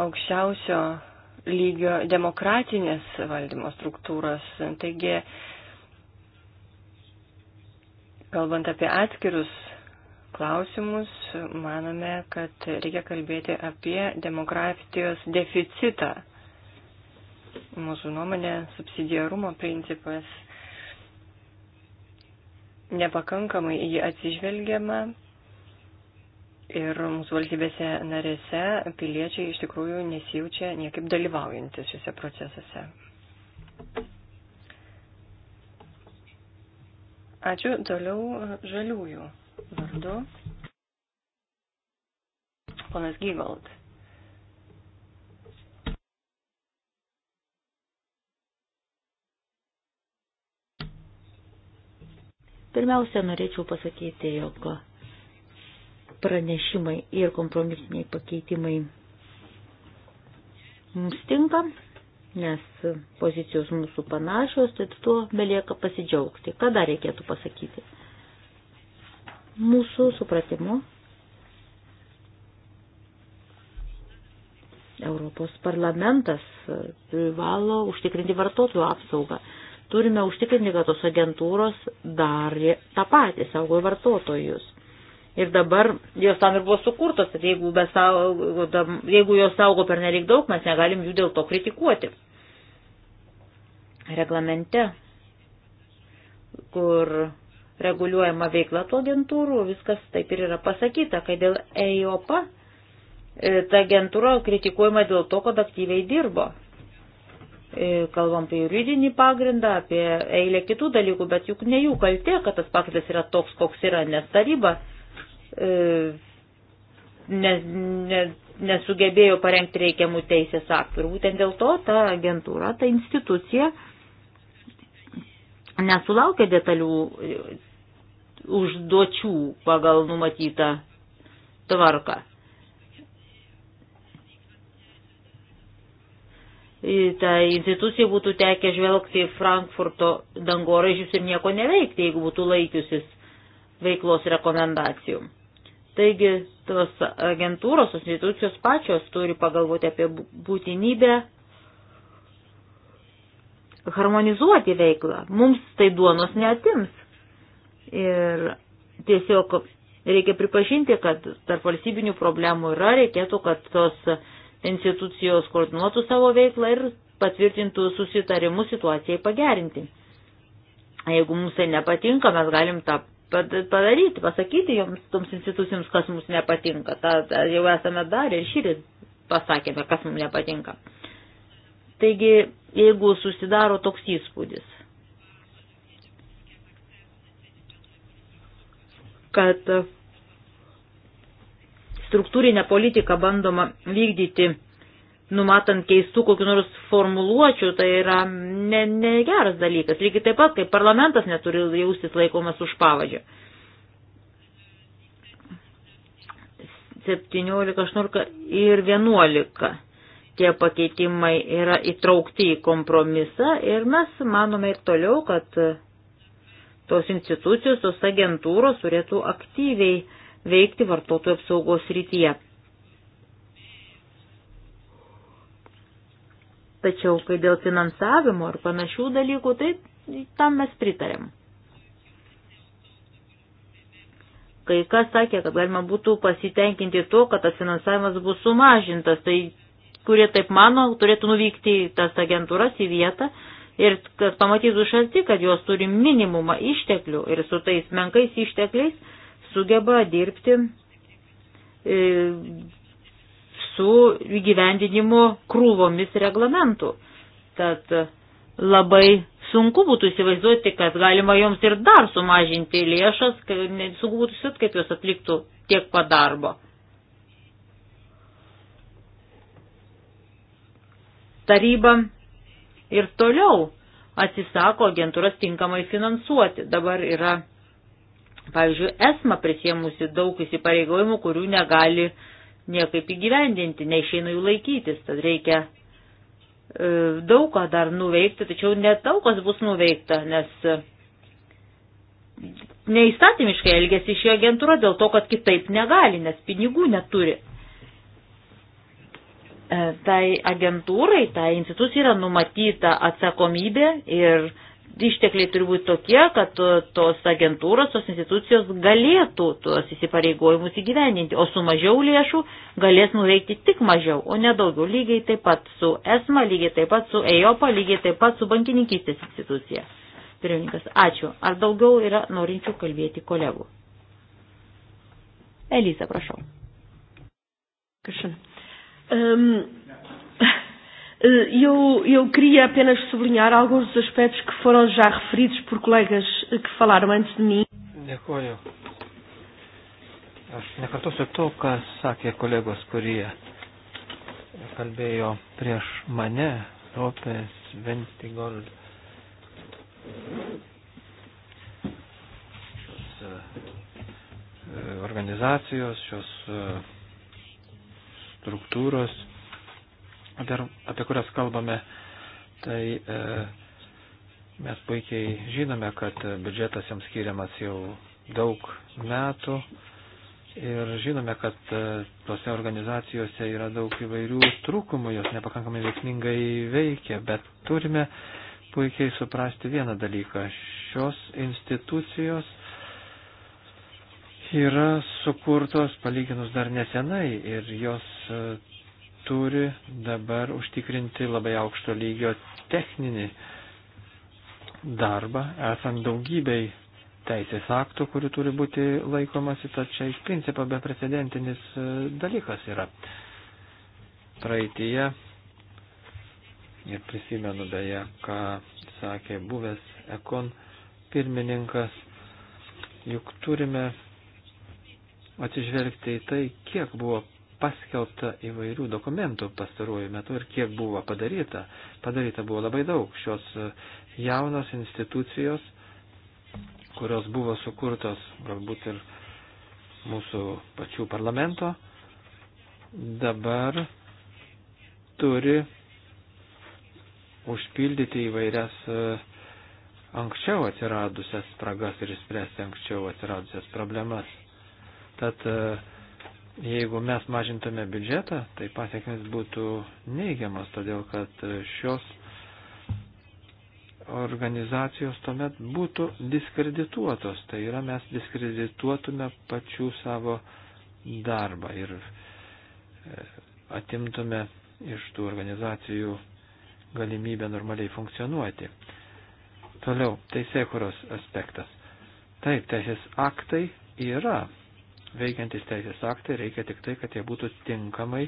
aukščiausio lygio demokratinės valdymo struktūros. Taigi, kalbant apie atskirus klausimus, manome, kad reikia kalbėti apie demokratijos deficitą. Mūsų nuomonė, subsidiarumo principas nepakankamai jį atsižvelgiama, Ir mūsų valstybėse narėse piliečiai iš tikrųjų nesijaučia niekaip dalyvaujantis šiuose procesuose. Ačiū. Toliau žaliųjų vardu. Ponas Gyvald. Pirmiausia, norėčiau pasakyti, jog pranešimai ir kompromisiniai pakeitimai mums tinka, nes pozicijos mūsų panašios, tai tuo belieka pasidžiaugti. Ką dar reikėtų pasakyti? Mūsų supratimu Europos parlamentas privalo užtikrinti vartotojų apsaugą. Turime užtikrinti, kad tos agentūros darė tą patį, saugojo vartotojus. Ir dabar jos tam ir buvo sukurtos, kad jeigu, saugo, jeigu jos saugo per nereik daug, mes negalim jų dėl to kritikuoti. Reglamente, kur reguliuojama veikla tų agentūrų, viskas taip ir yra pasakyta, kai dėl EIOPA e, ta agentūra kritikuojama dėl to, kad aktyviai dirbo. E, kalbam apie juridinį pagrindą, apie eilę kitų dalykų, bet juk ne jų kaltė, kad tas pagrindas yra toks, koks yra, nes taryba E, ne, ne, nesugebėjo parengti reikiamų teisės aktų. Ir būtent dėl to ta agentūra, ta institucija nesulaukia detalių e, užduočių pagal numatytą tvarką. Ta institucija būtų tekę žvelgti Frankfurto dangoraižius ir nieko neveikti, jeigu būtų laikiusis veiklos rekomendacijų. Taigi tos agentūros, tos institucijos pačios turi pagalvoti apie būtinybę harmonizuoti veiklą. Mums tai duonos neatims. Ir tiesiog reikia pripažinti, kad tarp valstybinių problemų yra, reikėtų, kad tos institucijos koordinuotų savo veiklą ir patvirtintų susitarimus situacijai pagerinti. Jeigu mums tai nepatinka, mes galim tą padaryti, pasakyti joms, toms institucijoms, kas mums nepatinka. Ta, ta, jau esame darę ir šįryt pasakėme, kas mums nepatinka. Taigi, jeigu susidaro toks įspūdis, kad struktūrinę politiką bandoma vykdyti numatant keistų kokių nors formuluočių, tai yra negeras ne, ne dalykas. Lygiai taip pat, kaip parlamentas neturi jaustis laikomas už pavadžio. 17, 18 ir 11 tie pakeitimai yra įtraukti į kompromisą ir mes manome ir toliau, kad tos institucijos, tos agentūros turėtų aktyviai veikti vartotojų apsaugos rytyje. Tačiau, kai dėl finansavimo ir panašių dalykų, tai tam mes pritarėm. Kai kas sakė, kad galima būtų pasitenkinti tuo, kad tas finansavimas bus sumažintas, tai kurie taip mano, turėtų nuvykti tas agentūras į vietą ir kad pamatytų šalti, kad jos turi minimumą išteklių ir su tais menkais ištekliais sugeba dirbti e, su įgyvendinimu krūvomis reglamentų. Tad labai sunku būtų įsivaizduoti, kad galima joms ir dar sumažinti lėšas, sunku būtų įsivaizduoti, kaip jos atliktų tiek padarbo. Taryba ir toliau atsisako agentūras tinkamai finansuoti. Dabar yra, pavyzdžiui, esma prisėmusi daug įsipareigojimų, kurių negali uh, niekaip įgyvendinti, neišeina jų laikytis, tad reikia e, daug ką dar nuveikti, tačiau netaug kas bus nuveikta, nes e, neįstatymiškai elgesi šį agentūrą dėl to, kad kitaip negali, nes pinigų neturi. E, tai agentūrai, tai institucijai yra numatyta atsakomybė ir ištekliai turi būti tokie, kad tos agentūros, tos institucijos galėtų tuos įsipareigojimus įgyvendinti, o su mažiau lėšų galės nuveikti tik mažiau, o ne daugiau. Lygiai taip pat su ESMA, lygiai taip pat su EIOPA, lygiai taip pat su bankininkystės institucija. Pirmininkas, ačiū. Ar daugiau yra norinčių kalbėti kolegų? Elisa, prašau. Kažin. Um, Eh, eu, eu queria apenas sublinhar alguns dos aspectos que foram já referidos por colegas eh, que falaram antes de mim. Dėkuoju. Aš nekartosiu to, ką sakė kolegos, kurie kalbėjo prieš mane, Ropės Ventigol. Šios eh, organizacijos, šios struktūros apie kurias kalbame, tai e, mes puikiai žinome, kad biudžetas jam skiriamas jau daug metų ir žinome, kad e, tose organizacijose yra daug įvairių trūkumų, jos nepakankamai veiksmingai veikia, bet turime puikiai suprasti vieną dalyką. Šios institucijos yra sukurtos palyginus dar nesenai ir jos e, turi dabar užtikrinti labai aukšto lygio techninį darbą, esant daugybei teisės aktų, kurių turi būti laikomasi, tačiau iš principo beprecedentinis e, dalykas yra. Praeitie ir prisimenu beje, ką sakė buvęs ekon pirmininkas, juk turime atsižvelgti į tai, kiek buvo paskelbta įvairių dokumentų pastaruoju metu ir kiek buvo padaryta. Padaryta buvo labai daug. Šios e, jaunos institucijos, kurios buvo sukurtos galbūt ir mūsų pačių parlamento, dabar turi užpildyti įvairias e, anksčiau atsiradusias spragas ir išspręsti anksčiau atsiradusias problemas. Tad uh, jeigu mes mažintume biudžetą, tai pasiekmes būtų neigiamas, todėl kad šios organizacijos tuomet būtų diskredituotos. Tai yra, mes diskredituotume pačių savo darbą ir e, atimtume iš tų organizacijų galimybę normaliai funkcionuoti. Toliau, teisėkuros aspektas. Taip, teisės aktai yra veikiantis teisės aktai, reikia tik tai, kad jie būtų tinkamai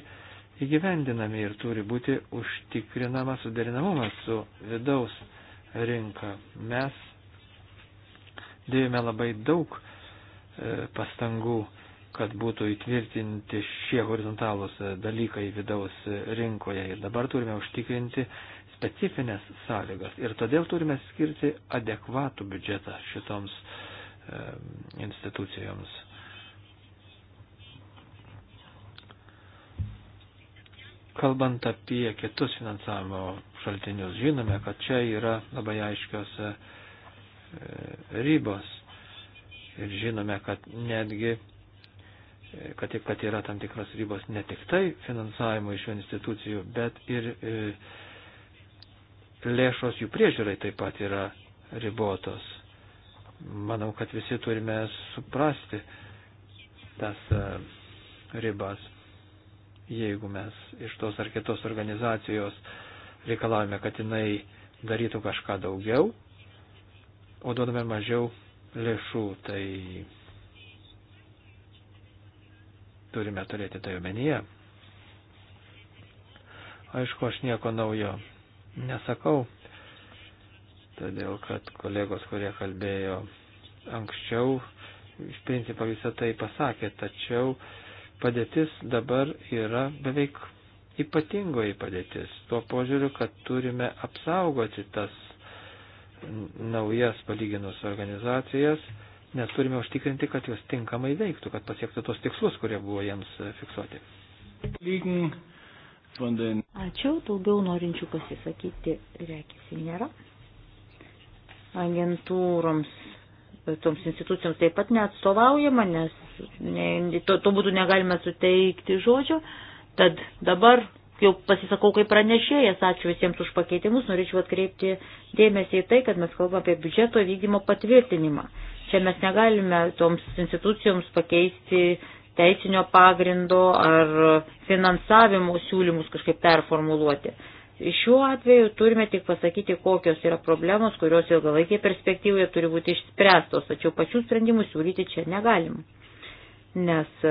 įgyvendinami ir turi būti užtikrinama suderinamumas su vidaus rinka. Mes dėjome labai daug e, pastangų, kad būtų įtvirtinti šie horizontalūs e, dalykai vidaus rinkoje ir dabar turime užtikrinti specifines sąlygas ir todėl turime skirti adekvatų biudžetą šitoms e, institucijoms. Kalbant apie kitus finansavimo šaltinius, žinome, kad čia yra labai aiškios e, ribos ir žinome, kad netgi e, kad, kad yra tam tikros ribos ne tik tai finansavimo iš institucijų, bet ir e, lėšos jų priežiūrai taip pat yra ribotos. Manau, kad visi turime suprasti tas e, ribas jeigu mes iš tos ar kitos organizacijos reikalavome, kad jinai darytų kažką daugiau, o duodame mažiau lėšų, tai turime turėti tai omenyje. Aišku, aš nieko naujo nesakau, todėl kad kolegos, kurie kalbėjo anksčiau, iš principo visą tai pasakė, tačiau padėtis dabar yra beveik ypatingoji padėtis. Tuo požiūriu, kad turime apsaugoti tas naujas palyginus organizacijas, nes turime užtikrinti, kad jos tinkamai veiktų, kad pasiektų tos tikslus, kurie buvo jiems fiksuoti. Ačiū, daugiau norinčių pasisakyti, reikėsi nėra. Agentūroms toms institucijoms taip pat neatstovaujama, nes ne, to, to būtų negalime suteikti žodžio. Tad dabar jau pasisakau kaip pranešėjas, ačiū visiems už pakeitimus, norėčiau atkreipti dėmesį į tai, kad mes kalbame apie biudžeto vykdymo patvirtinimą. Čia mes negalime toms institucijoms pakeisti teisinio pagrindo ar finansavimo siūlymus kažkaip performuluoti. Šiuo atveju turime tik pasakyti, kokios yra problemos, kurios ilgalaikėje perspektyvoje turi būti išspręstos, tačiau pačių sprendimų siūlyti čia negalim. Nes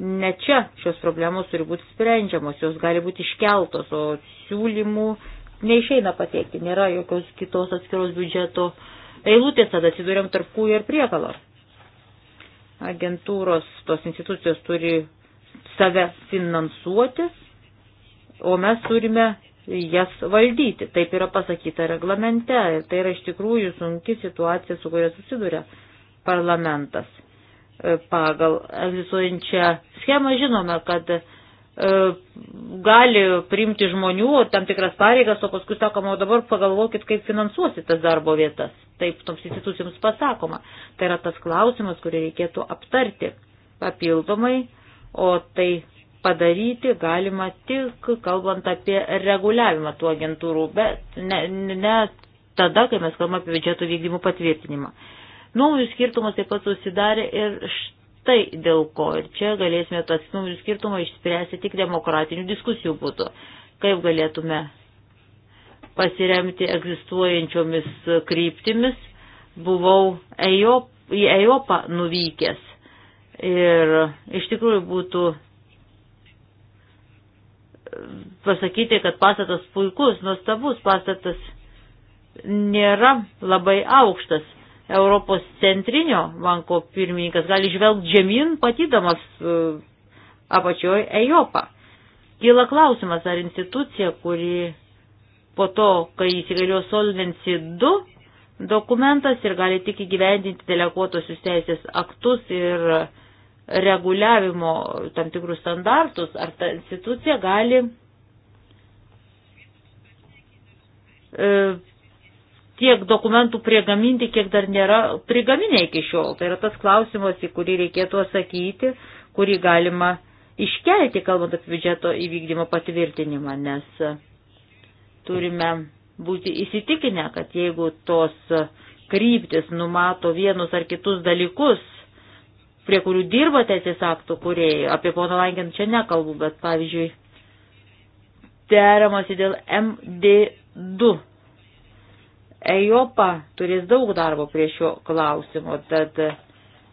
ne čia šios problemos turi būti sprendžiamos, jos gali būti iškeltos, o siūlymų neišeina pateikti, nėra jokios kitos atskiros biudžeto eilutės, tada atsidūrėm tarp kūjo ir priekalo. Agentūros, tos institucijos turi save finansuotis o mes turime jas valdyti. Taip yra pasakyta reglamente ir tai yra iš tikrųjų sunki situacija, su kuria susiduria parlamentas. E, pagal egzistuojančią schemą žinome, kad e, gali priimti žmonių tam tikras pareigas, o paskui sakoma, o dabar pagalvokit, kaip finansuosit tas darbo vietas. Taip toms institucijoms pasakoma. Tai yra tas klausimas, kurį reikėtų aptarti papildomai, o tai padaryti galima tik kalbant apie reguliavimą tų agentūrų, bet ne, ne tada, kai mes kalbame apie biudžeto vykdymų patvirtinimą. Nuomonių skirtumas taip pat susidarė ir štai dėl ko. Ir čia galėsime tas nuomonių skirtumą išspręsti tik demokratinių diskusijų būtų. Kaip galėtume pasiremti egzistuojančiomis kryptimis. Buvau Ejop, į Ejopą nuvykęs. Ir iš tikrųjų būtų pasakyti, kad pastatas puikus, nuostabus pastatas nėra labai aukštas. Europos centrinio banko pirmininkas gali žvelgti žemyn, patydamas e, apačioje Ejopą. Kyla klausimas, ar institucija, kuri po to, kai įsigalio Solvency 2 dokumentas ir gali tik įgyvendinti deleguotosius teisės aktus ir reguliavimo tam tikrus standartus, ar ta institucija gali e, tiek dokumentų priegaminti, kiek dar nėra prigaminę iki šiol. Tai yra tas klausimas, į kurį reikėtų atsakyti, kurį galima iškelti, kalbant apie biudžeto įvykdymo patvirtinimą, nes e, turime būti įsitikinę, kad jeigu tos kryptis numato vienus ar kitus dalykus, prie kurių dirba teisės aktų kuriejai. Apie pono Langin čia nekalbu, bet pavyzdžiui, deramasi dėl MD2. EIOPA turės daug darbo prie šio klausimo, tad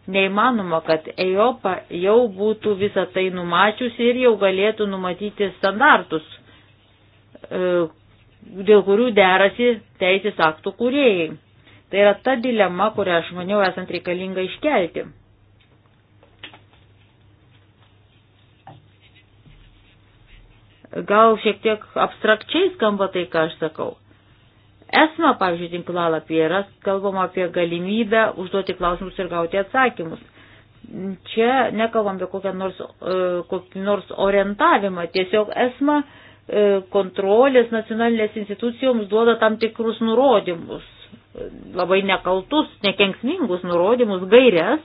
neįmanoma, kad EIOPA jau būtų visą tai numačiusi ir jau galėtų numatyti standartus, e, dėl kurių derasi teisės aktų kūrėjai. Tai yra ta dilema, kurią aš maniau esant reikalinga iškelti. Gal šiek tiek abstrakčiai skamba tai, ką aš sakau. Esma, pavyzdžiui, tinklalapyje yra kalbama apie galimybę užduoti klausimus ir gauti atsakymus. Čia nekalbam apie kokią nors, e, kokį nors orientavimą, tiesiog esma e, kontrolės nacionalinės institucijoms duoda tam tikrus nurodymus, labai nekaltus, nekenksmingus nurodymus, gairias,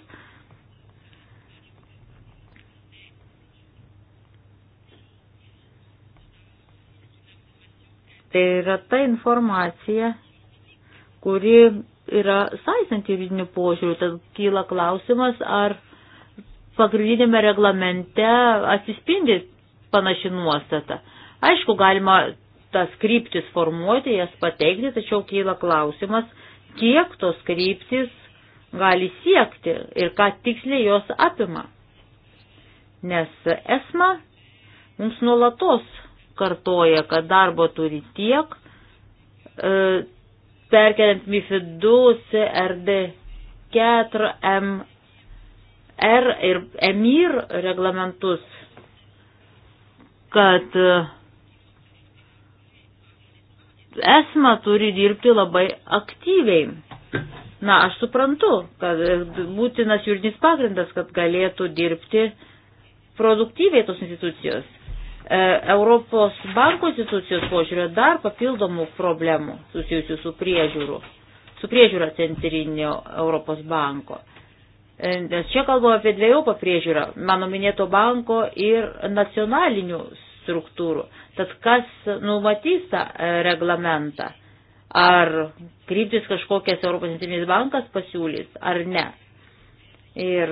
Tai yra ta informacija, kuri yra saisanti juridinių požiūrių. Tad kyla klausimas, ar pagrindinėme reglamente atsispindi panaši nuostata. Aišku, galima tas kryptis formuoti, jas pateikti, tačiau kyla klausimas, kiek tos kryptis gali siekti ir ką tiksliai jos apima. Nes esma mums nuolatos kartoja, kad darbo turi tiek, e, perkeliant MIFID 2, CRD 4, MR ir EMIR reglamentus, kad e, esma turi dirbti labai aktyviai. Na, aš suprantu, kad būtinas juridinis pagrindas, kad galėtų dirbti produktyviai tos institucijos. E, Europos banko institucijos požiūrio dar papildomų problemų susijusių su priežiūru, su priežiūra centrinio Europos banko. E, nes čia kalbame apie dviejopą priežiūrą, mano minėto banko ir nacionalinių struktūrų. Tad kas numatys tą e, reglamentą? Ar kryptis kažkokias Europos centrinis bankas pasiūlys, ar ne? Ir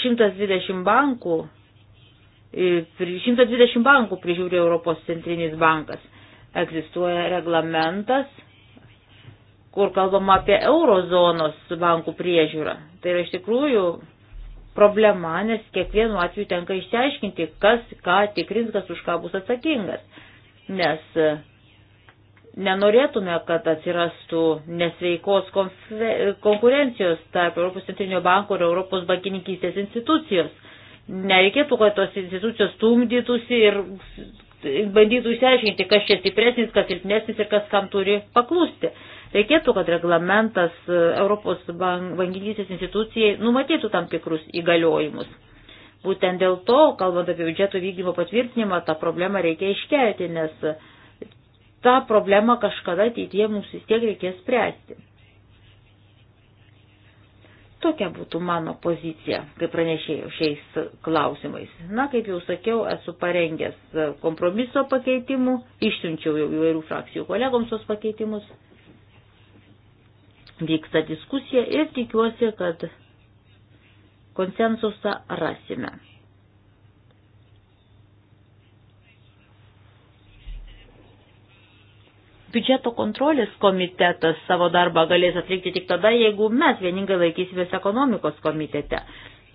120 bankų 120 bankų prižiūri Europos centrinis bankas. Egzistuoja reglamentas, kur kalbama apie eurozonos bankų priežiūrą. Tai yra iš tikrųjų problema, nes kiekvienu atveju tenka išsiaiškinti, kas ką tikrins, kas už ką bus atsakingas. Nes e, nenorėtume, kad atsirastų nesveikos konkurencijos tarp Europos centrinio banko ir Europos bankininkystės institucijos nereikėtų, kad tos institucijos stumdytųsi ir bandytų išsiaiškinti, kas čia stipresnis, kas silpnesnis ir kas kam turi paklusti. Reikėtų, kad reglamentas e, Europos bankininkystės institucijai numatytų tam tikrus įgaliojimus. Būtent dėl to, kalbant apie biudžeto vykdymo patvirtinimą, tą problemą reikia iškelti, nes tą problemą kažkada ateityje mums vis tiek reikės spręsti. Tokia būtų mano pozicija, kaip pranešėjau šiais klausimais. Na, kaip jau sakiau, esu parengęs kompromiso pakeitimų, išsiunčiau jau įvairių frakcijų kolegoms tos pakeitimus. Vyksta diskusija ir tikiuosi, kad konsensusą rasime. Biudžeto kontrolės komitetas savo darbą galės atlikti tik tada, jeigu mes vieningai laikysimės ekonomikos komitete.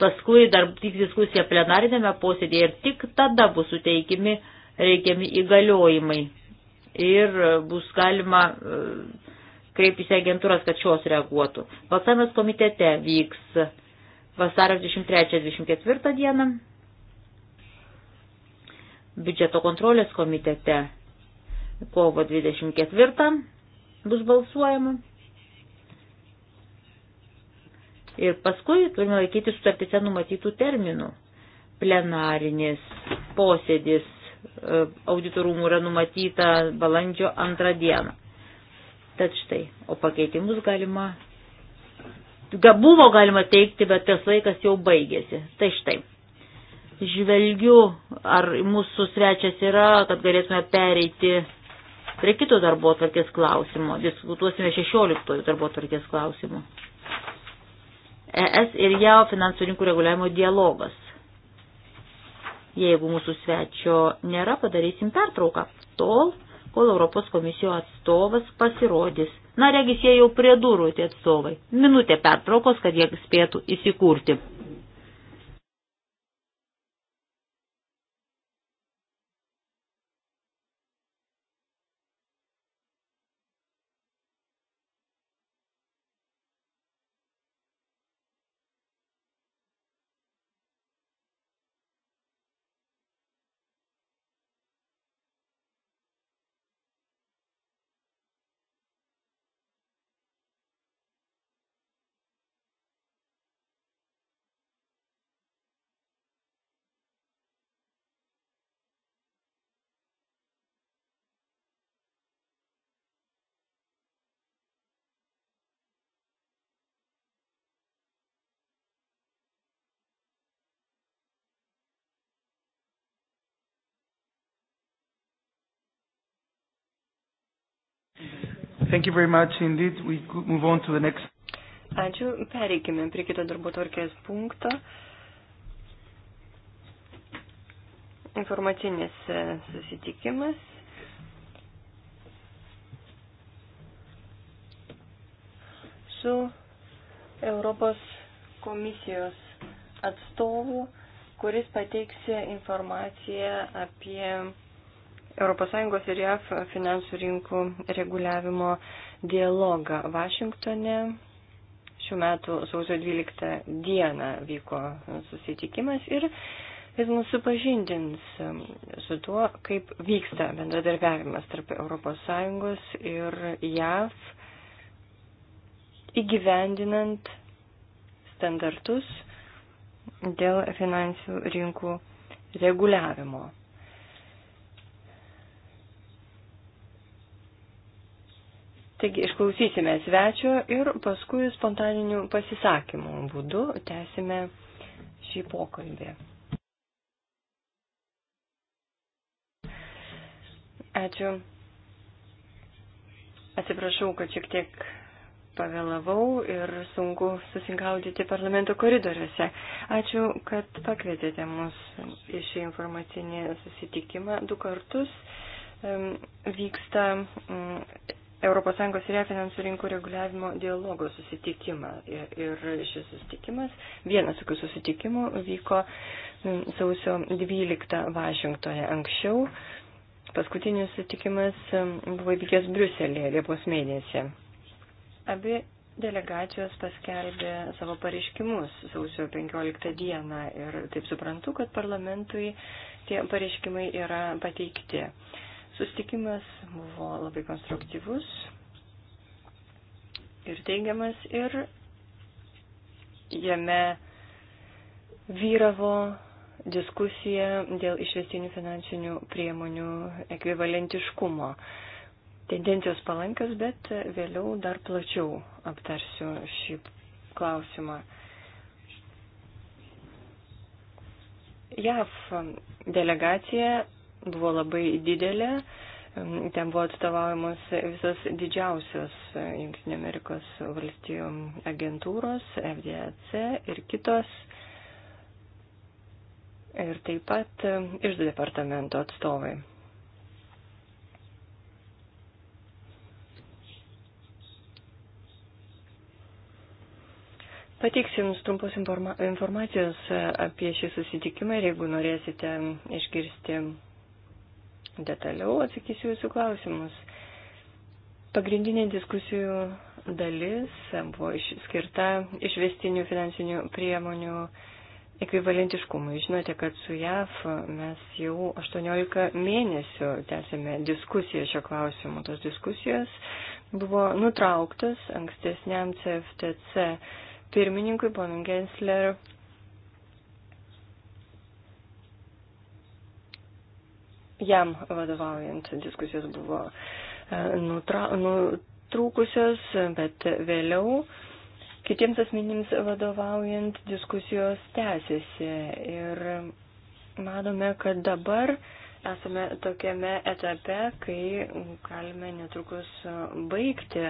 Paskui dar tik diskusija plenarinėme posėdėje ir tik tada bus suteikimi reikiami įgaliojimai. Ir e, bus galima e, kreiptis į agentūras, kad šios reaguotų. Balsavimas komitete vyks vasario 23-24 dieną. Biudžeto kontrolės komitete Kovo 24 bus balsuojama. Ir paskui turime laikyti sutartise numatytų terminų. Plenarinis posėdis e, auditorumų yra numatyta balandžio antrą dieną. Tad štai, o pakeitimus galima, buvo galima teikti, bet tas laikas jau baigėsi. Tai štai, žvelgiu, ar mūsų svečias yra, kad galėtume pereiti prie kito darbo atvarkės klausimo. Diskutuosime 16 darbo atvarkės klausimo. ES ir JAO finansų rinkų reguliavimo dialogas. Jeigu mūsų svečio nėra, padarysim pertrauką tol, kol Europos komisijos atstovas pasirodys. Na, regis jie jau prie durų tie atstovai. Minutė pertraukos, kad jie spėtų įsikurti. Thank you very much indeed. We could move on to the next. Ačiū. Pereikime prie kito darbo tvarkės punkto. Informacinis e, susitikimas. Su Europos komisijos atstovu, kuris pateiks informaciją apie ES ir JAF finansų rinkų reguliavimo dialogą Vašingtone. Šių metų sausio 12 dieną vyko susitikimas ir jis mus supažindins su tuo, kaip vyksta bendradarbiavimas tarp ES ir JAF įgyvendinant standartus dėl finansų rinkų reguliavimo. Taigi išklausysime svečio ir paskui spontaninių pasisakymų būdu tęsime šį pokalbį. Ačiū. Atsiprašau, kad šiek tiek pavėlavau ir sunku susingaudyti parlamento koridoriuose. Ačiū, kad pakvietėte mus į šį informacinį susitikimą. Du kartus vyksta ES ir finansų rinkų reguliavimo dialogo susitikimą. Ir šis susitikimas, vienas tokių susitikimų vyko sausio 12 Vašingtoje anksčiau. Paskutinis susitikimas buvo vykęs Briuselėje Liepos mėnesį. Abi delegacijos paskelbė savo pareiškimus sausio 15 dieną ir taip suprantu, kad parlamentui tie pareiškimai yra pateikti. Sustikimas buvo labai konstruktyvus ir teigiamas ir jame vyravo diskusija dėl išvestinių finansinių priemonių ekvivalentiškumo. Tendencijos palankas, bet vėliau dar plačiau aptarsiu šį klausimą. JAV delegacija buvo labai didelė. Ten buvo atstovaujamos visos didžiausios Junktinė Amerikos valstijų agentūros, FDAC ir kitos. Ir taip pat išdo departamento atstovai. Pateiksiu Jums trumpos informacijos apie šį susitikimą ir jeigu norėsite išgirsti detaliau atsakysiu jūsų klausimus. Pagrindinė diskusijų dalis buvo skirta išvestinių finansinių priemonių ekvivalentiškumui. Žinote, kad su JAF mes jau 18 mėnesių tęsėme diskusiją šio klausimu. Tos diskusijos buvo nutrauktas ankstesniam CFTC pirmininkui, ponui Gensler, jam vadovaujant diskusijos buvo e, nutra, nutrūkusios, bet vėliau kitiems asmenims vadovaujant diskusijos tęsiasi. Ir manome, kad dabar esame tokiame etape, kai galime netrukus baigti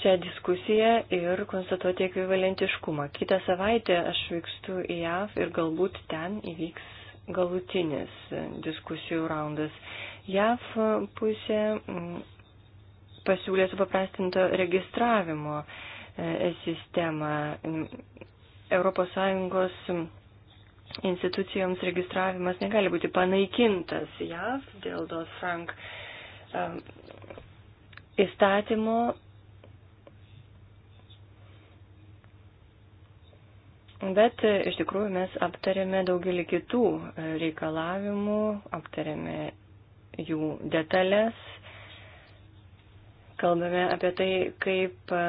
šią diskusiją ir konstatuoti ekvivalentiškumą. Kitą savaitę aš vykstu į JAV ir galbūt ten įvyks galutinis diskusijų raundas. JAV pusė mm, pasiūlė supaprastinto registravimo e, sistemą. ES institucijoms registravimas negali būti panaikintas JAV dėl Dos Frank e, įstatymo Bet e, iš tikrųjų mes aptarėme daugelį kitų e, reikalavimų, aptarėme jų detalės, kalbame apie tai, kaip e,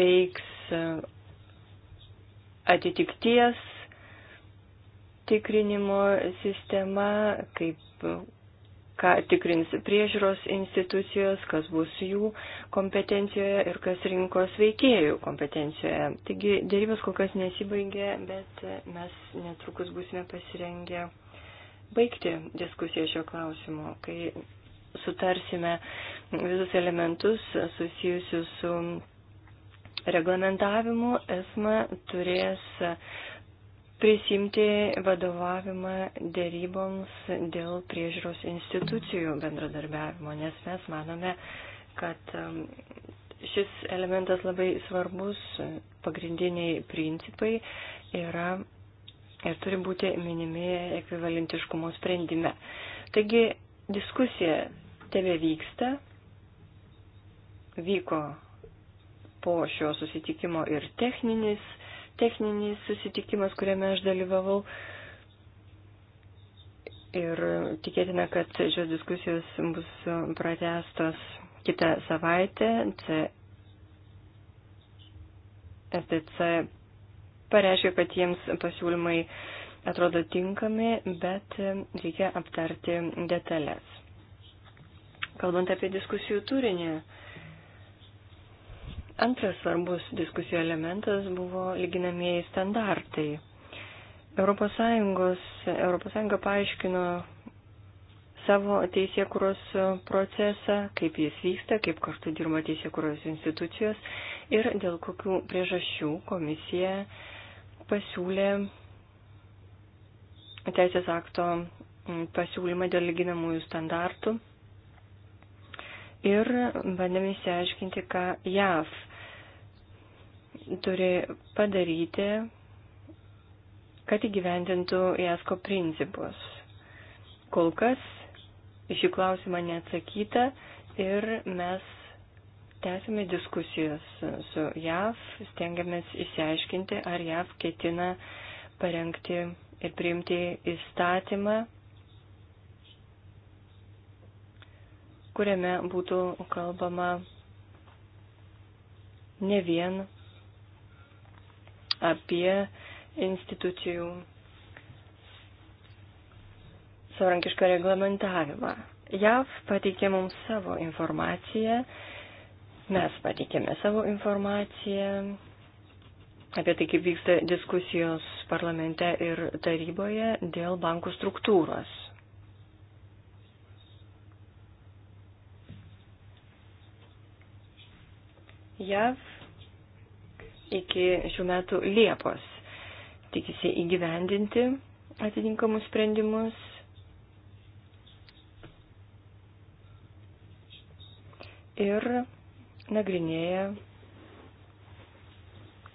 veiks atitikties tikrinimo sistema, kaip ką tikrins priežiūros institucijos, kas bus jų kompetencijoje ir kas rinkos veikėjų kompetencijoje. Taigi dėrybos kol kas nesibaigė, bet mes netrukus būsime pasirengę baigti diskusiją šio klausimu, kai sutarsime visus elementus susijusius su reglamentavimu. ESMA turės prisimti vadovavimą dėryboms dėl priežiūros institucijų bendradarbiavimo, nes mes manome, kad um, šis elementas labai svarbus, pagrindiniai principai yra ir turi būti minimi ekvivalentiškumo sprendime. Taigi diskusija tebe vyksta, vyko po šio susitikimo ir techninis techninis susitikimas, kuriame aš dalyvavau. Ir tikėtina, kad šios diskusijos bus pratestos kitą savaitę. FTC pareiškia, kad jiems pasiūlymai atrodo tinkami, bet reikia aptarti detalės. Kalbant apie diskusijų turinį, Antras svarbus diskusijų elementas buvo lyginamieji standartai. ES Europos paaiškino savo teisėkuros procesą, kaip jis vyksta, kaip kartu dirba teisėkuros institucijos ir dėl kokių priežasčių komisija pasiūlė teisės akto pasiūlymą dėl lyginamųjų standartų ir bandėme įsiaiškinti, ką JAV turi padaryti, kad įgyvendintų JASKO principus. Kol kas šį klausimą neatsakyta ir mes tęsime diskusijas su JAV, stengiamės įsiaiškinti, ar JAV ketina parengti ir priimti įstatymą kuriame būtų kalbama ne vien apie institucijų savarankišką reglamentavimą. JAV pateikė mums savo informaciją, mes pateikėme savo informaciją apie tai, kaip vyksta diskusijos parlamente ir taryboje dėl bankų struktūros. JAV iki šių metų Liepos tikisi įgyvendinti atitinkamus sprendimus. Ir nagrinėja,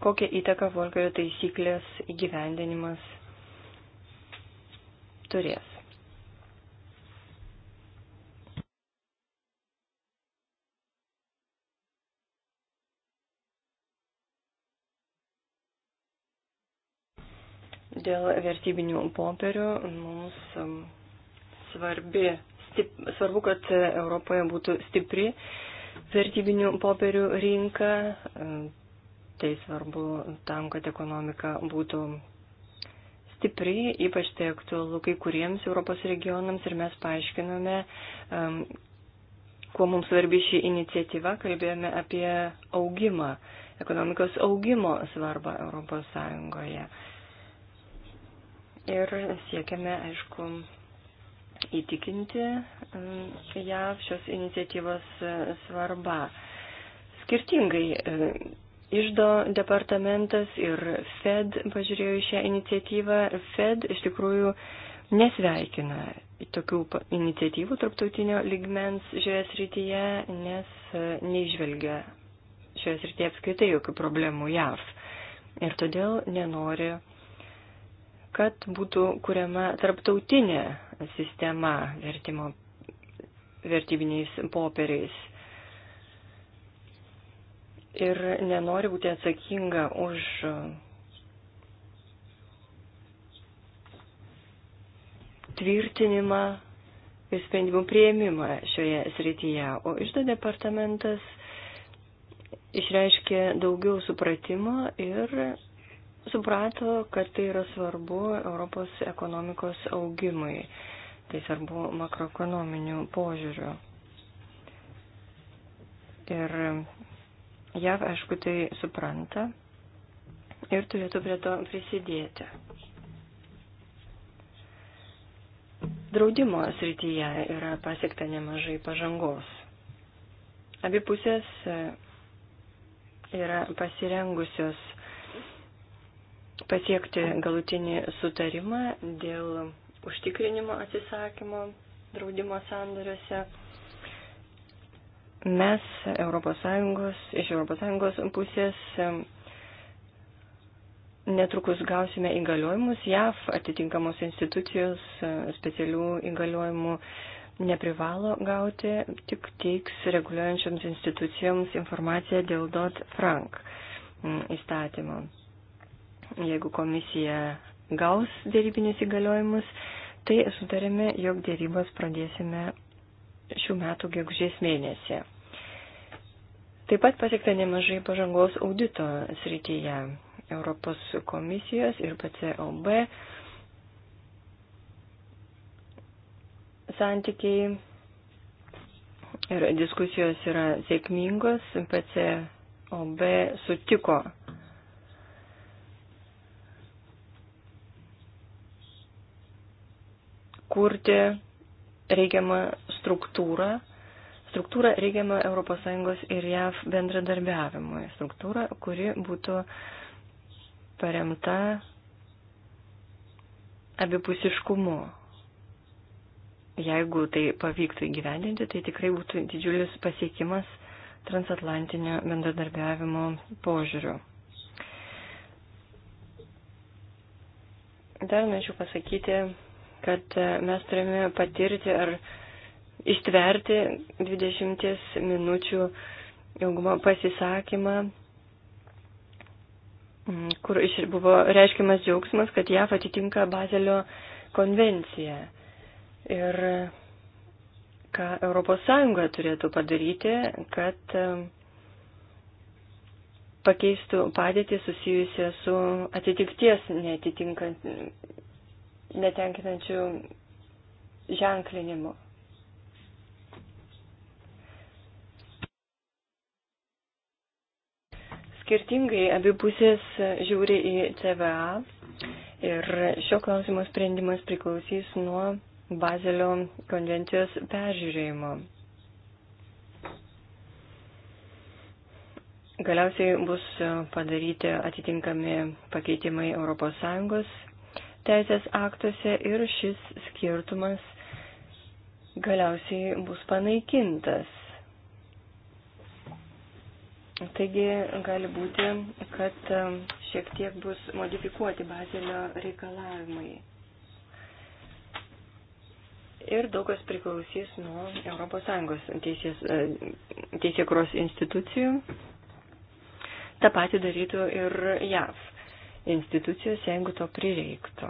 kokią įtaką Volkerio taisyklės įgyvendinimas turės. Dėl vertybinių popierių mums um, svarbi, stip, svarbu, kad Europoje būtų stipri vertybinių popierių rinka. Um, tai svarbu tam, kad ekonomika būtų stipri, ypač tai aktualu kai kuriems Europos regionams ir mes paaiškinome, um, kuo mums svarbi ši iniciatyva, kalbėjome apie augimą, ekonomikos augimo svarbą Europos Sąjungoje ir siekiame, aišku, įtikinti mm, JAV šios iniciatyvos e, svarbą. Skirtingai e, Išdo departamentas ir Fed pažiūrėjo šią iniciatyvą. Fed iš tikrųjų nesveikina tokių iniciatyvų tarptautinio ligmens šioje srityje, nes e, neižvelgia šioje srityje apskaitai jokių problemų JAV. Ir todėl nenori kad būtų kuriama tarptautinė sistema vertimo vertybiniais popieriais. Ir nenori būti atsakinga už tvirtinimą ir sprendimų prieimimą šioje srityje. O išdo departamentas išreiškė daugiau supratimo ir suprato, kad tai yra svarbu Europos ekonomikos augimui. Tai svarbu makroekonominių požiūrių. Ir JAV, aišku, tai supranta ir turėtų prie to prisidėti. Draudimo srityje yra pasiekta nemažai pažangos. Abi pusės yra pasirengusios pasiekti galutinį sutarimą dėl užtikrinimo atsisakymo draudimo sandoriuose. Mes ES, iš ES pusės netrukus gausime įgaliojimus. JAV atitinkamos institucijos e, specialių įgaliojimų neprivalo gauti, tik teiks reguliuojančioms institucijoms informaciją dėl DOT Frank įstatymo jeigu komisija gaus dėrybinius įgaliojimus, tai sutarėme, jog dėrybas pradėsime šių metų gegužės mėnesį. Taip pat pasiekta nemažai pažangos audito srityje Europos komisijos ir PCOB santykiai ir diskusijos yra sėkmingos. PCOB sutiko kurti reikiamą struktūrą, struktūrą reikiamą ES ir JAV bendradarbiavimui, struktūrą, kuri būtų paremta abipusiškumu. Jeigu tai pavyktų įgyvendinti, tai tikrai būtų didžiulis pasiekimas transatlantinio bendradarbiavimo požiūriu. Dar norėčiau pasakyti kad e, mes turime patirti ar ištverti 20 minučių ilgumo pasisakymą, kur buvo reiškiamas džiaugsmas, kad JAF atitinka Bazelio konvenciją. Ir ką ES turėtų padaryti, kad e, pakeistų padėtį susijusią su atitikties netenkinančių ženklinimų. Skirtingai abi pusės žiūri į CVA ir šio klausimo sprendimas priklausys nuo Bazelio konvencijos peržiūrėjimo. Galiausiai bus padaryti atitinkami pakeitimai ES teisės aktuose ir šis skirtumas galiausiai bus panaikintas. Taigi gali būti, kad um, šiek tiek bus modifikuoti bazelio reikalavimai. Ir daug kas priklausys nuo ES teisės, uh, teisėkros institucijų. Ta pati darytų ir JAV institucijos, jeigu to prireiktų.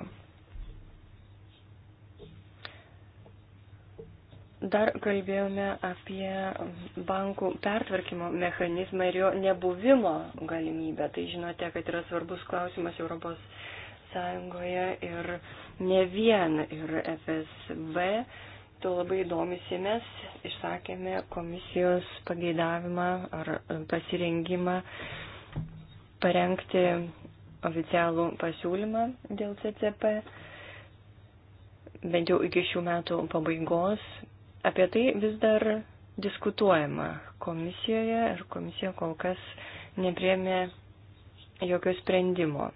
Dar kalbėjome apie bankų pertvarkymo mechanizmą ir jo nebuvimo galimybę. Tai žinote, kad yra svarbus klausimas Europos Sąjungoje ir ne vien ir FSB. To labai domisi mes išsakėme komisijos pageidavimą ar pasirengimą parengti oficialų pasiūlymą dėl CCP, bent jau iki šių metų pabaigos. Apie tai vis dar diskutuojama komisijoje ir komisija kol kas nepriemė jokio sprendimo.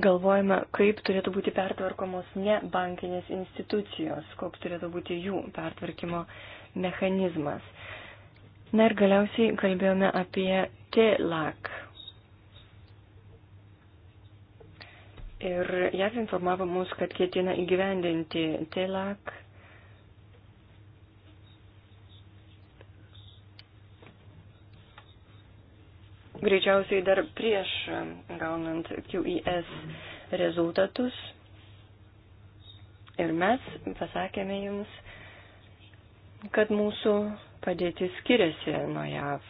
galvojame, kaip turėtų būti pertvarkomos ne bankinės institucijos, koks turėtų būti jų pertvarkymo mechanizmas. Na ir galiausiai kalbėjome apie TLAC. Ir JAV informavo mus, kad ketina įgyvendinti TLAC. Greičiausiai dar prieš gaunant QES rezultatus. Ir mes pasakėme jums, kad mūsų padėtis skiriasi nuo JAV.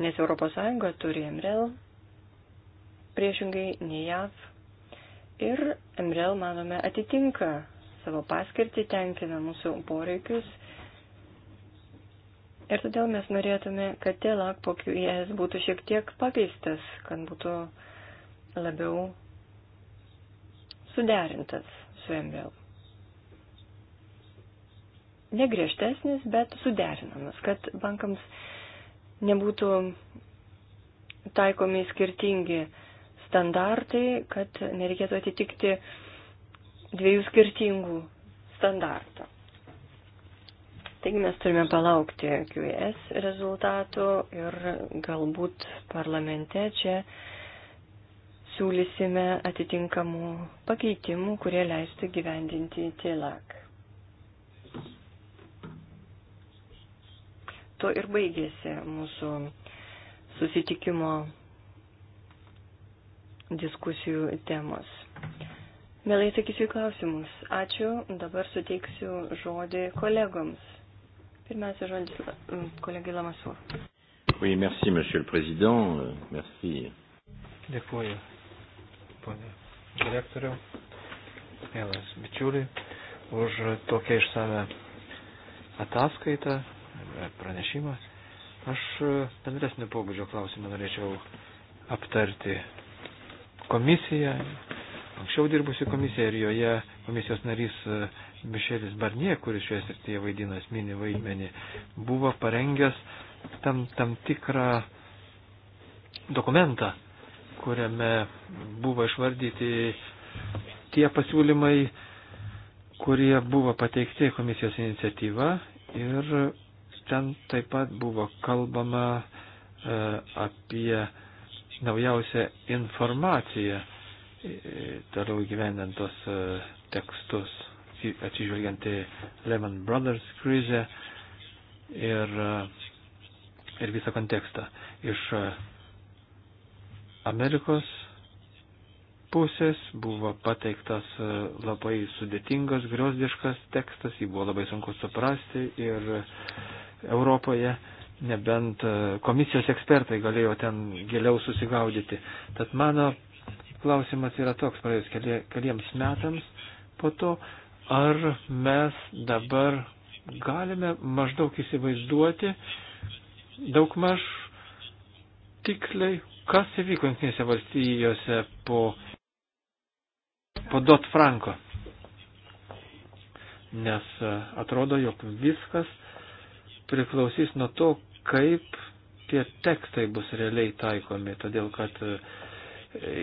Nes ES turi MREL, priešingai nei JAV. Ir MREL, manome, atitinka savo paskirtį, tenkina mūsų poreikius. Ir todėl mes norėtume, kad TELAK po QIS būtų šiek tiek pakeistas, kad būtų labiau suderintas su MREL negriežtesnis, bet suderinamas, kad bankams nebūtų taikomi skirtingi standartai, kad nereikėtų atitikti dviejų skirtingų standartų. Taigi mes turime palaukti QS e rezultatų ir galbūt parlamente čia siūlysime atitinkamų pakeitimų, kurie leistų gyvendinti TILAK. tuo ir baigėsi mūsų susitikimo diskusijų temos. Mielai sakysiu į klausimus. Ačiū. Dabar suteiksiu žodį kolegoms. Pirmiausia, žodis kolegai Lamasu. Oui, merci, monsieur le président. Merci. Dėkuoju, ponė direktoriau, mielas bičiuliai, už tokią išsame ataskaitą, E, pranešimą. Aš e, bendresnio pobūdžio klausimą norėčiau aptarti komisiją, anksčiau dirbusi komisija ir joje komisijos narys e, Mišelis Barnie, kuris šioje srityje vaidino esminį vaidmenį, buvo parengęs tam, tam tikrą dokumentą, kuriame buvo išvardyti tie pasiūlymai, kurie buvo pateikti komisijos iniciatyva ir ten taip pat buvo kalbama e, apie naujausią informaciją, e, toliau gyvenant tos e, tekstus, atsižvelgiant į Lehman Brothers krizę ir, e, ir visą kontekstą. Iš e, Amerikos pusės buvo pateiktas e, labai sudėtingas, griozdiškas tekstas, jį buvo labai sunku suprasti ir Europoje, nebent e, komisijos ekspertai galėjo ten giliau susigaudyti. Tad mano klausimas yra toks, praėjus keli, keliems metams po to, ar mes dabar galime maždaug įsivaizduoti daugmaž tiksliai, kas įvyko Junktinėse valstijose po, po Dot Franko. Nes e, atrodo, jog viskas priklausys nuo to, kaip tie tekstai bus realiai taikomi, todėl kad e,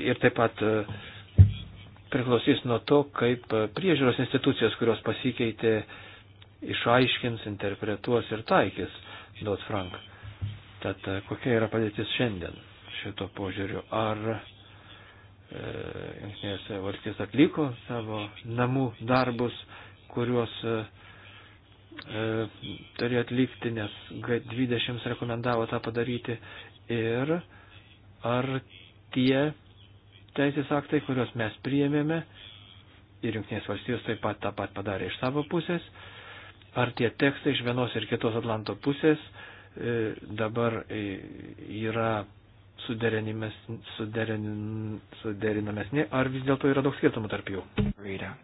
ir taip pat e, priklausys nuo to, kaip e, priežiūros institucijos, kurios pasikeitė, išaiškins, interpretuos ir taikys Dot Frank. Tad kokia yra padėtis šiandien šito požiūriu? Ar e, Junktinės valstijos atliko savo namų darbus, kuriuos e, E, turėjo atlikti, nes G20 rekomendavo tą padaryti ir ar tie teisės aktai, kuriuos mes priėmėme ir Junktinės valstijos taip pat tą pat padarė iš savo pusės, ar tie tekstai iš vienos ir kitos Atlanto pusės e, dabar e, yra suderinamesni, suderin, suderinamesni ar vis dėlto yra daug skirtumų tarp jų. Reader.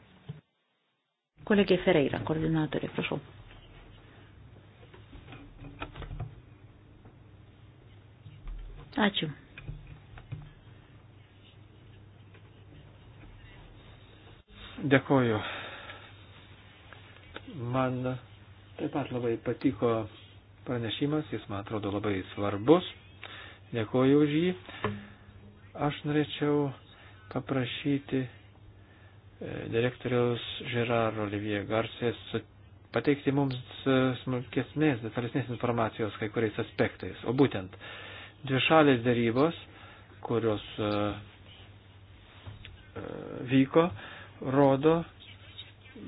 Kolegė Ferreira, koordinatorė, prašau. Ačiū. Dėkoju. Man taip pat labai patiko pranešimas, jis man atrodo labai svarbus. Dėkoju už jį. Aš norėčiau paprašyti direktoriaus Žirar Olivier Garsės pateikti mums smulkesnės, detalesnės informacijos kai kuriais aspektais. O būtent dvišalės darybos, kurios e, e, vyko, rodo,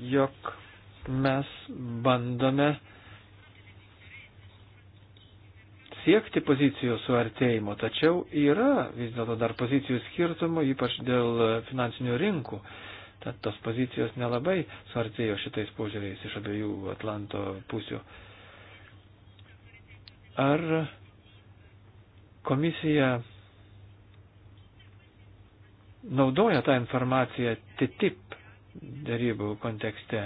jog mes bandome siekti pozicijų suartėjimo, tačiau yra vis dėlto dar pozicijų skirtumų, ypač dėl finansinių rinkų. Uh, Tad tos pozicijos nelabai suartėjo šitais požiūriais iš abiejų Atlanto pusių. Ar komisija naudoja tą informaciją TTIP darybų kontekste?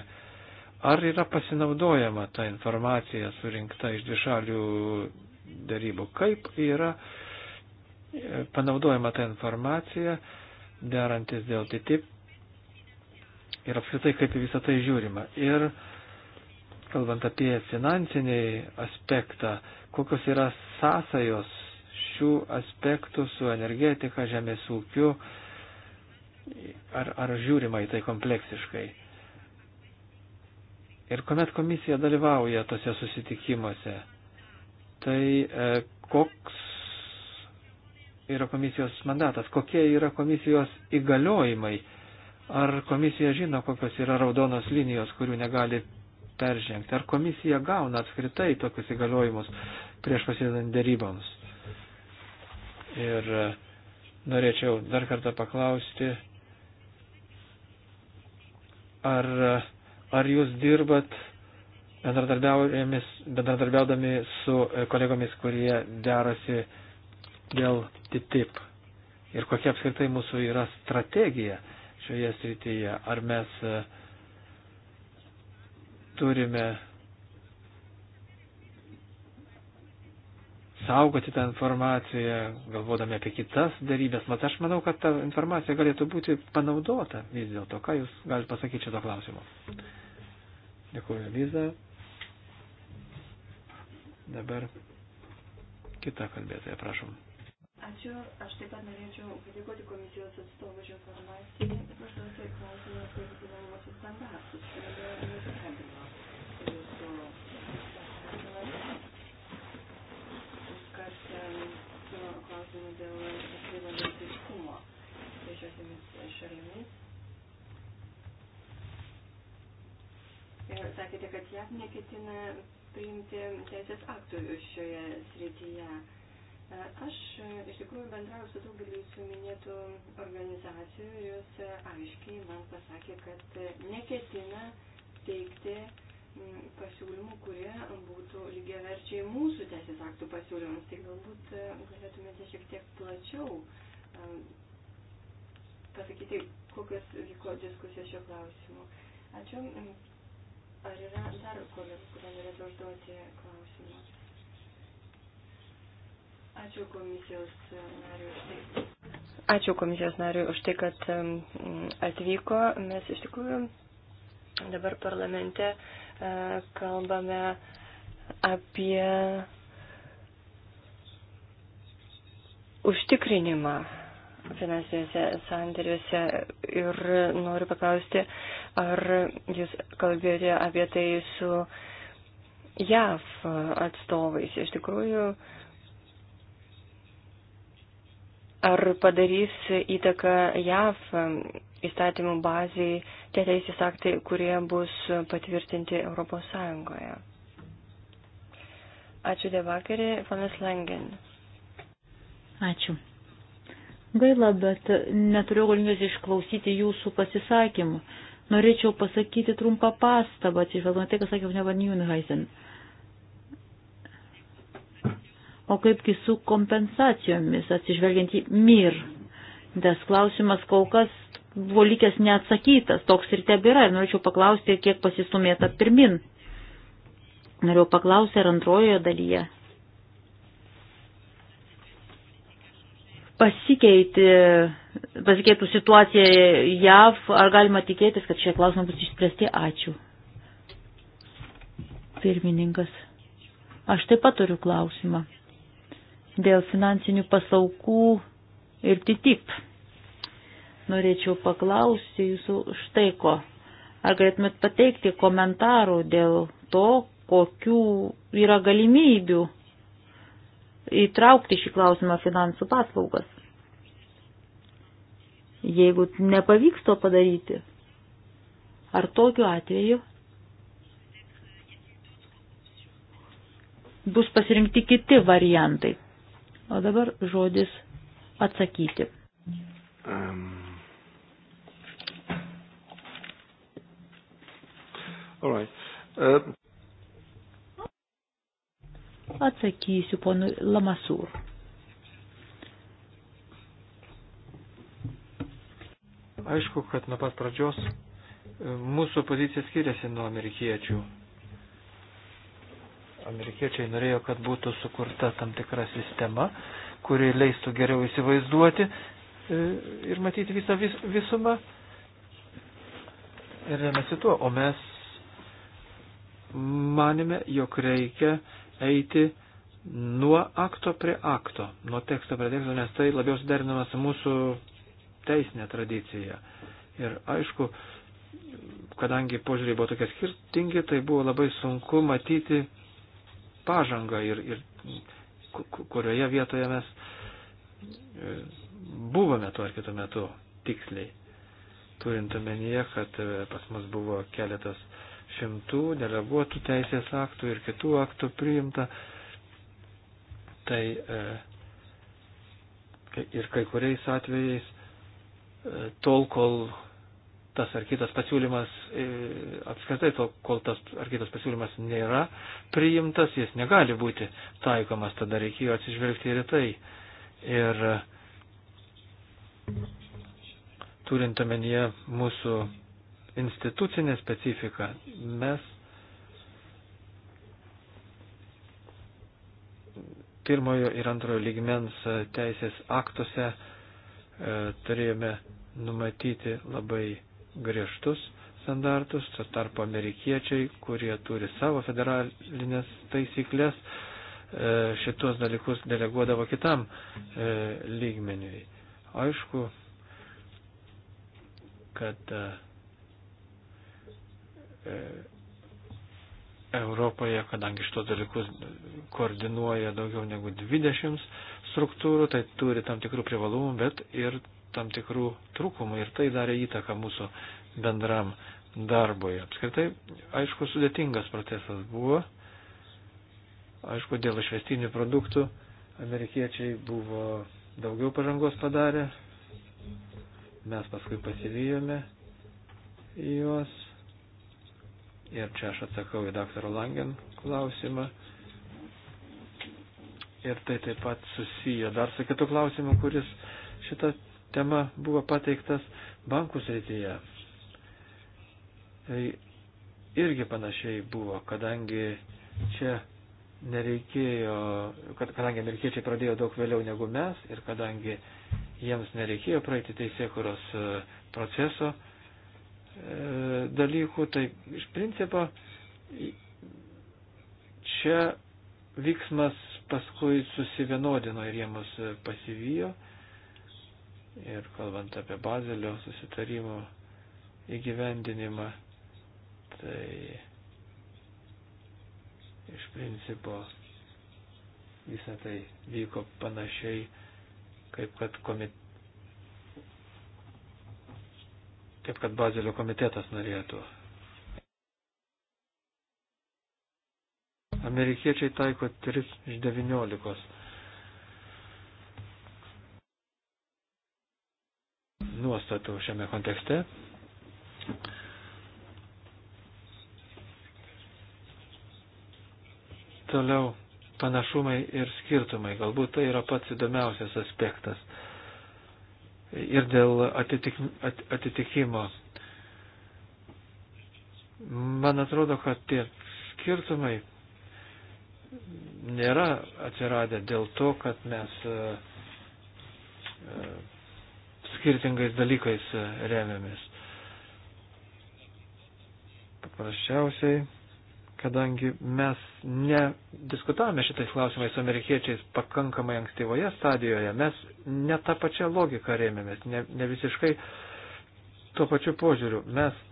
Ar yra pasinaudojama ta informacija surinkta iš dvišalių darybų? Kaip yra e, panaudojama ta informacija, derantis dėl TTIP ir apskritai kaip į visą tai žiūrima. Ir kalbant apie finansinį aspektą, kokios yra sąsajos šių aspektų su energetika, žemės ūkiu, ar, ar žiūrima į tai kompleksiškai. Ir kuomet komisija dalyvauja tose susitikimuose, tai e, koks yra komisijos mandatas, kokie yra komisijos įgaliojimai Ar komisija žino, kokios yra raudonos linijos, kurių negali peržengti? Ar komisija gauna apskritai tokius įgaliojimus prieš pasidant dėryboms? Ir e, norėčiau dar kartą paklausti, ar, e, ar jūs dirbat bendradarbiaudami su e, kolegomis, kurie derasi dėl TTIP? Ir kokia apskritai mūsų yra strategija? šioje srityje. Ar mes e, turime saugoti tą informaciją, galvodami apie kitas darybės. Mat, aš manau, kad ta informacija galėtų būti panaudota vis dėlto. Ką Jūs galite pasakyti šito klausimo? Dėkuoju, Liza. Dabar kita kalbėtoja, prašom. Ačiū. Aš taip pat norėčiau padėkoti komisijos atstovų už informaciją. JAV neketina priimti teisės aktų šioje srityje. E, aš e, iš tikrųjų bendrauju su daugeliu jūsų minėtų organizacijų, jūs e, aiškiai man pasakė, kad neketina teikti pasiūlymų, kurie būtų lygiaverčiai mūsų teisės aktų pasiūlymams. Tai galbūt galėtumėte šiek tiek plačiau pasakyti, kokios vyko diskusijos šio klausimu. Ačiū. Ar yra dar kolegų, kurie norėtų užduoti klausimą? Ačiū komisijos nariui už tai. Ačiū komisijos nariui už tai, kad atvyko. Mes iš tikrųjų dabar parlamente e, kalbame apie užtikrinimą finansiniuose sandėriuose. Ir noriu paklausti, ar jūs kalbėjote apie tai su JAV atstovais. Iš tikrųjų, ar padarys įtaką JAV įstatymų baziai tie teisės aktai, kurie bus patvirtinti Europos Sąjungoje? Ačiū debakerį, panas Langen. Ačiū. Gaila, bet neturiu galimybės išklausyti jūsų pasisakymų. Norėčiau pasakyti trumpą pastabą, atsižvelgiant tai, ką sakė Vneva Niunheisen. O kaipgi su kompensacijomis, atsižvelgiant į MIR? Tas klausimas kol kas buvo likęs neatsakytas, toks ir tebėra. Ir norėčiau paklausti, kiek pasistumėta pirmin. Norėjau paklausti, ar antrojoje dalyje pasikeitė, pasikeitų situacija JAV, ar galima tikėtis, kad šie klausimai bus išspręsti? Ačiū. Pirmininkas. Aš taip pat turiu klausimą dėl finansinių paslaugų ir TTIP. Norėčiau paklausti jūsų štai ko. Ar galėtumėt pateikti komentarų dėl to, kokių yra galimybių įtraukti šį klausimą finansų paslaugas? jeigu nepavyks to padaryti. Ar tokiu atveju bus pasirinkti kiti variantai? O dabar žodis atsakyti. Um. All right. um. Atsakysiu ponui Lamasūrui. Aišku, kad nuo pat pradžios e, mūsų pozicija skiriasi nuo amerikiečių. Amerikiečiai norėjo, kad būtų sukurta tam tikra sistema, kuri leistų geriau įsivaizduoti e, ir matyti visą vis, visumą. Ir remiasi tuo, o mes manime, jog reikia eiti nuo akto prie akto, nuo teksto prie teksto, nes tai labiau suderinama su mūsų teisinė tradicija. Ir aišku, kadangi požiūriai buvo tokie skirtingi, tai buvo labai sunku matyti pažangą ir, ir kurioje vietoje mes e, buvome tuo ar kitu metu tiksliai. Turint omenyje, kad e, pas mus buvo keletas šimtų deleguotų teisės aktų ir kitų aktų priimta, tai e, ir kai kuriais atvejais tol, kol tas ar kitas pasiūlymas, e, apskritai tol, kol tas ar kitas pasiūlymas nėra priimtas, jis negali būti taikomas, tada reikėjo atsižvelgti ir tai. Ir turint omenyje mūsų institucinę specifiką, mes pirmojo ir antrojo lygmens teisės aktuose E, turėjome numatyti labai griežtus standartus, tuo tarpu amerikiečiai, kurie turi savo federalinės taisyklės, e, šitos dalykus deleguodavo kitam e, lygmeniui. Aišku, kad Europoje, kadangi šitos dalykus koordinuoja daugiau negu 20 struktūrų, tai turi tam tikrų privalumų, bet ir tam tikrų trūkumų ir tai darė įtaką mūsų bendram darbui. Apskritai, aišku, sudėtingas procesas buvo. Aišku, dėl išvestinių produktų amerikiečiai buvo daugiau pažangos padarę. Mes paskui pasivyjome juos. Ir čia aš atsakau į dr. Langen klausimą. Ir tai taip pat susiję dar su kitu klausimu, kuris šitą temą buvo pateiktas bankų srityje. Tai irgi panašiai buvo, kadangi čia nereikėjo, kad, kadangi amerikiečiai pradėjo daug vėliau negu mes ir kadangi jiems nereikėjo praeiti teisėkuros e, proceso e, dalykų, tai iš principo čia vyksmas paskui susivienodino ir jie mus pasivijo. Ir kalbant apie Bazelio susitarimo įgyvendinimą, tai iš principo visą tai vyko panašiai, kaip kad, komit... kaip kad Bazelio komitetas norėtų Amerikiečiai taiko 3 iš 19. nuostatų šiame kontekste. Toliau panašumai ir skirtumai. Galbūt tai yra pats įdomiausias aspektas. Ir dėl atitik, at, atitikimo. Man atrodo, kad tie skirtumai nėra atsiradę dėl to, kad mes e, e, skirtingais dalykais e, remiamės. Paprasčiausiai, kadangi mes nediskutavome šitais klausimais su amerikiečiais pakankamai ankstyvoje stadijoje, mes ne tą pačią logiką rėmėmės, ne, ne visiškai tuo pačiu požiūriu. Mes e,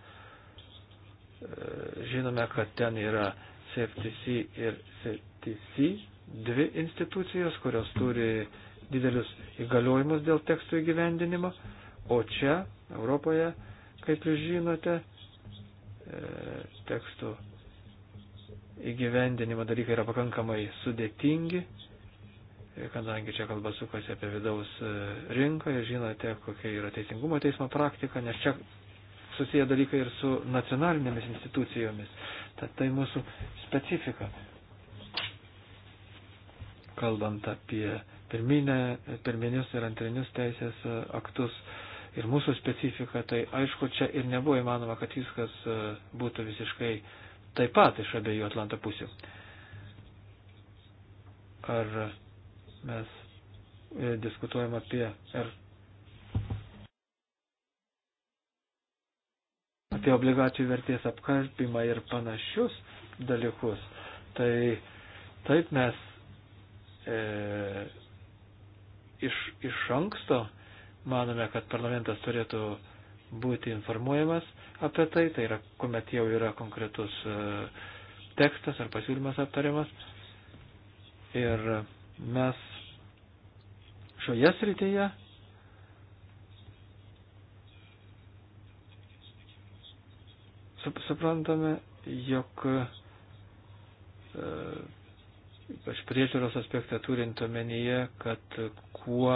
žinome, kad ten yra CFTC ir TC dvi institucijos, kurios turi didelius įgaliojimus dėl tekstų įgyvendinimo, o čia Europoje, kaip jūs žinote, e, tekstų įgyvendinimo dalykai yra pakankamai sudėtingi, e, kadangi čia kalba sukasi apie vidaus e, rinką ir žinote, kokia yra teisingumo teismo praktika, nes čia susiję dalykai ir su nacionalinėmis institucijomis. Tad tai mūsų specifika kalbant apie pirminę, pirminius ir antrinius teisės e, aktus ir mūsų specifiką, tai aišku, čia ir nebuvo įmanoma, kad viskas e, būtų visiškai taip pat iš abiejų Atlanto pusių. Ar mes e, diskutuojam apie, ar, apie obligacijų vertės apkarpimą ir panašius dalykus, tai taip mes e, iš, iš anksto manome, kad parlamentas turėtų būti informuojamas apie tai, tai yra, kuomet jau yra konkretus e, tekstas ar pasiūlymas aptariamas. Ir mes šioje srityje suprantame, jog e, ypač priežiūros aspektą turint omenyje, kad kuo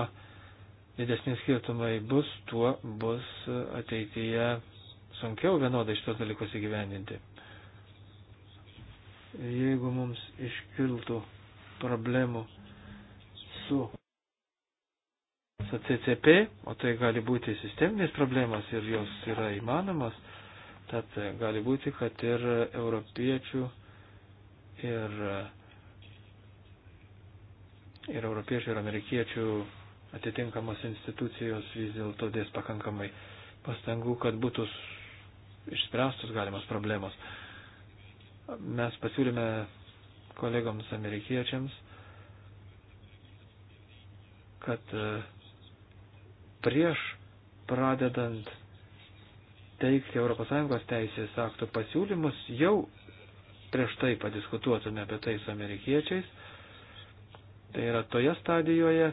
didesni skirtumai bus, tuo bus ateityje sunkiau vienodai šitos dalykus įgyvendinti. Jeigu mums iškiltų problemų su, su CCP, o tai gali būti sisteminės problemas ir jos yra įmanomas, tad gali būti, kad ir europiečių ir uh, ir europiečių, ir amerikiečių atitinkamos institucijos vis dėlto dės pakankamai pastangų, kad būtų išspręstos galimos problemos. Mes pasiūlėme kolegoms amerikiečiams, kad e, prieš pradedant teikti ES teisės aktų pasiūlymus, jau prieš tai padiskutuotume apie tai su amerikiečiais Tai yra toje stadijoje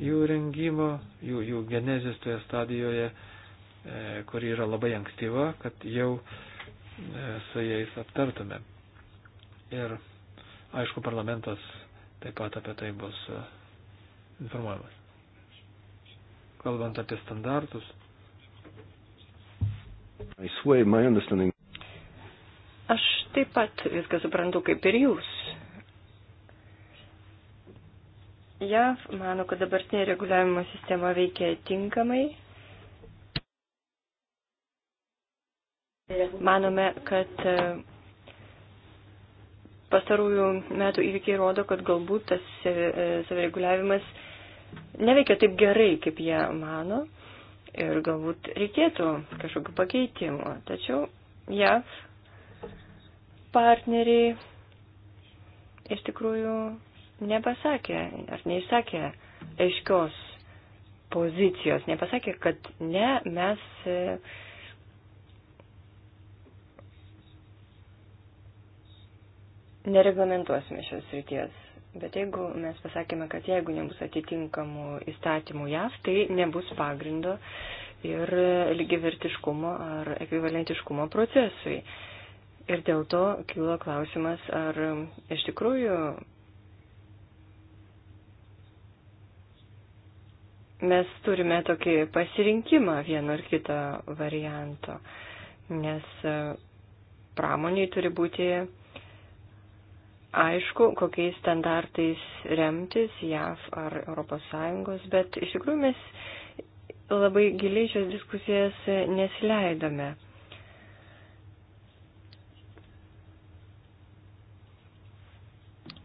jų rengimo, jų, jų genezės toje stadijoje, e, kuri yra labai ankstyva, kad jau e, su jais aptartume. Ir aišku, parlamentas taip pat apie tai bus e, informuojamas. Kalbant apie standartus. I swear, my understanding. Aš taip pat viską suprantu kaip ir jūs. JAV mano, kad dabartinė reguliavimo sistema veikia tinkamai. Manome, kad e, pastarųjų metų įvykiai rodo, kad galbūt tas e, e, savireguliavimas neveikia taip gerai, kaip jie mano ir galbūt reikėtų kažkokiu pakeitimu. Tačiau JAV partneriai iš tikrųjų nepasakė ar neišsakė aiškios pozicijos, nepasakė, kad ne, mes e, nereglamentuosime šios ryties. Bet jeigu mes pasakėme, kad jeigu nebus atitinkamų įstatymų JAV, tai nebus pagrindo ir lygivertiškumo ar ekvivalentiškumo procesui. Ir dėl to kilo klausimas, ar iš tikrųjų mes turime tokį pasirinkimą vieno ar kito varianto, nes e, pramoniai turi būti aišku, kokiais standartais remtis JAV ar ES, bet iš tikrųjų mes labai giliai šios diskusijas nesileidome.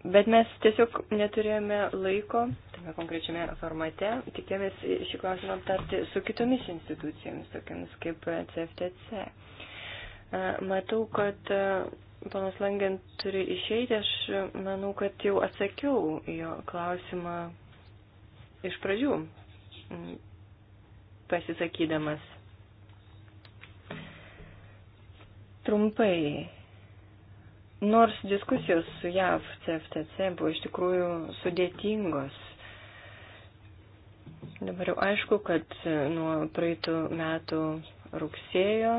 Bet mes tiesiog neturėjome laiko šiame konkrečiame formate. Tikėmės šį klausimą aptarti su kitomis institucijomis, tokiamis kaip CFTC. Matau, kad panas Langen turi išeiti. Aš manau, kad jau atsakiau jo klausimą iš pradžių pasisakydamas. Trumpai Nors diskusijos su JAV CFTC buvo iš tikrųjų sudėtingos Dabar jau aišku, kad e, nuo praeitų metų rugsėjo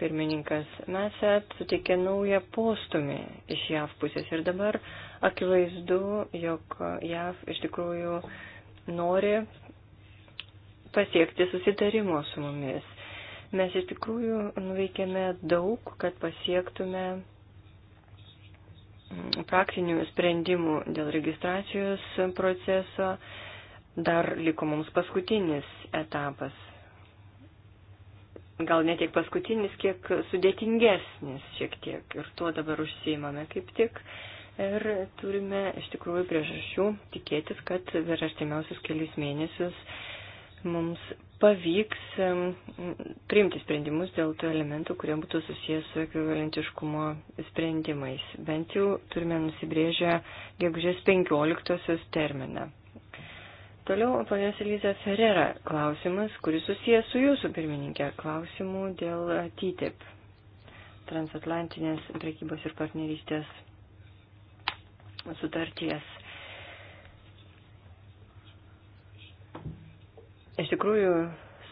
pirmininkas Mesat suteikė naują postumį iš JAV pusės. Ir dabar akivaizdu, jog JAV iš tikrųjų nori pasiekti susitarimo su mumis. Mes iš tikrųjų nuveikėme daug, kad pasiektume praktinių sprendimų dėl registracijos proceso Dar liko mums paskutinis etapas. Gal ne tiek paskutinis, kiek sudėtingesnis šiek tiek. Ir tuo dabar užsiimame kaip tik. Ir turime iš tikrųjų priežasčių tikėtis, kad per artimiausius kelius mėnesius mums pavyks priimti sprendimus dėl tų elementų, kurie būtų susijęs su ekvivalentiškumo sprendimais. Bent jau turime nusibrėžę gegužės 15 terminą. Toliau ponios Elizė Ferrera klausimas, kuris susijęs su jūsų pirmininkė klausimu dėl TTIP, transatlantinės prekybos ir partnerystės sutarties. Iš tikrųjų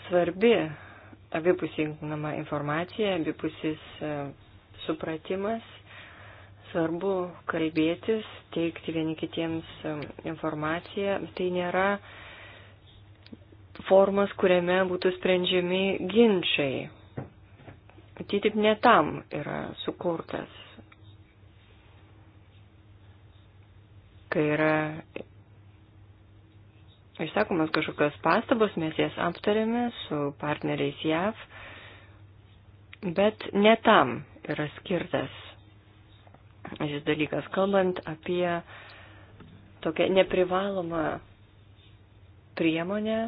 svarbi abipusinama informacija, abipusis e, supratimas svarbu kalbėtis, teikti vieni kitiems um, informaciją. Tai nėra formas, kuriame būtų sprendžiami ginčiai. TTIP ne tam yra sukurtas. Kai yra išsakomas kažkokios pastabos, mes jas aptarėme su partneriais JAV, bet ne tam yra skirtas šis dalykas. Kalbant apie tokią neprivalomą priemonę,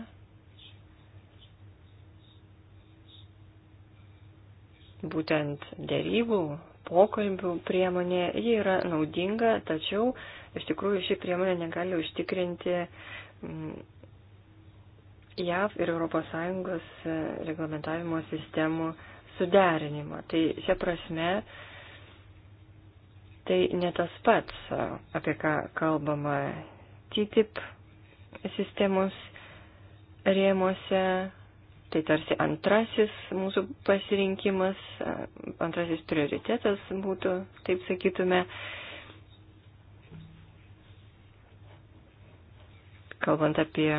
būtent dėrybų, pokalbių priemonė, ji yra naudinga, tačiau iš tikrųjų ši priemonė negali užtikrinti mm, JAV ir ES reglamentavimo sistemų suderinimo. Tai šia prasme Tai ne tas pats, apie ką kalbama TTIP sistemos rėmose. Tai tarsi antrasis mūsų pasirinkimas, antrasis prioritetas būtų, taip sakytume. Kalbant apie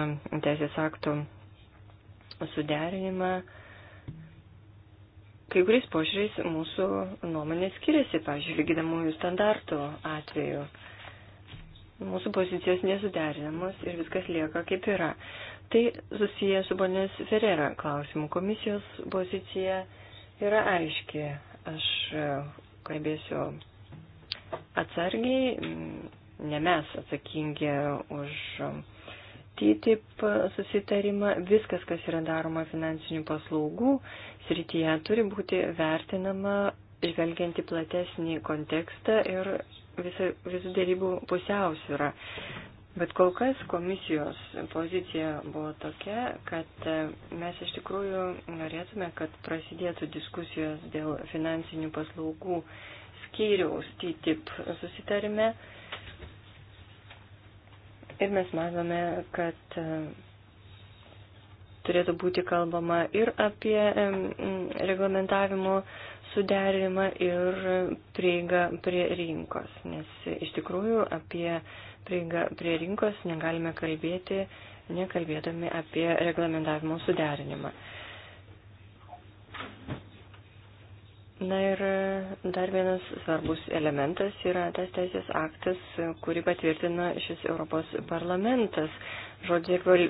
teisės aktų suderinimą, Kai kuriais požiūriais mūsų nuomonė skiriasi, pavyzdžiui, lyginamųjų standartų atveju. Mūsų pozicijos nesuderinamos ir viskas lieka kaip yra. Tai susiję su Bonės Ferrera klausimu. Komisijos pozicija yra aiški. Aš e, kalbėsiu atsargiai, ne mes atsakingi už TTIP susitarimą, viskas, kas yra daroma finansinių paslaugų srityje turi būti vertinama žvelgiant į platesnį kontekstą ir visą, visų dėrybų pusiausvyrą. Bet kol kas komisijos pozicija buvo tokia, kad e, mes iš tikrųjų norėtume, kad prasidėtų diskusijos dėl finansinių paslaugų skyriaus TTIP susitarime. Ir mes manome, kad e, turėtų būti kalbama ir apie reglamentavimo suderinimą ir prieigą prie rinkos, nes iš tikrųjų apie prieigą prie rinkos negalime kalbėti, nekalbėdami apie reglamentavimo suderinimą. Na ir e, dar vienas svarbus elementas yra tas teisės aktas, kurį patvirtina šis Europos parlamentas. Žodžiai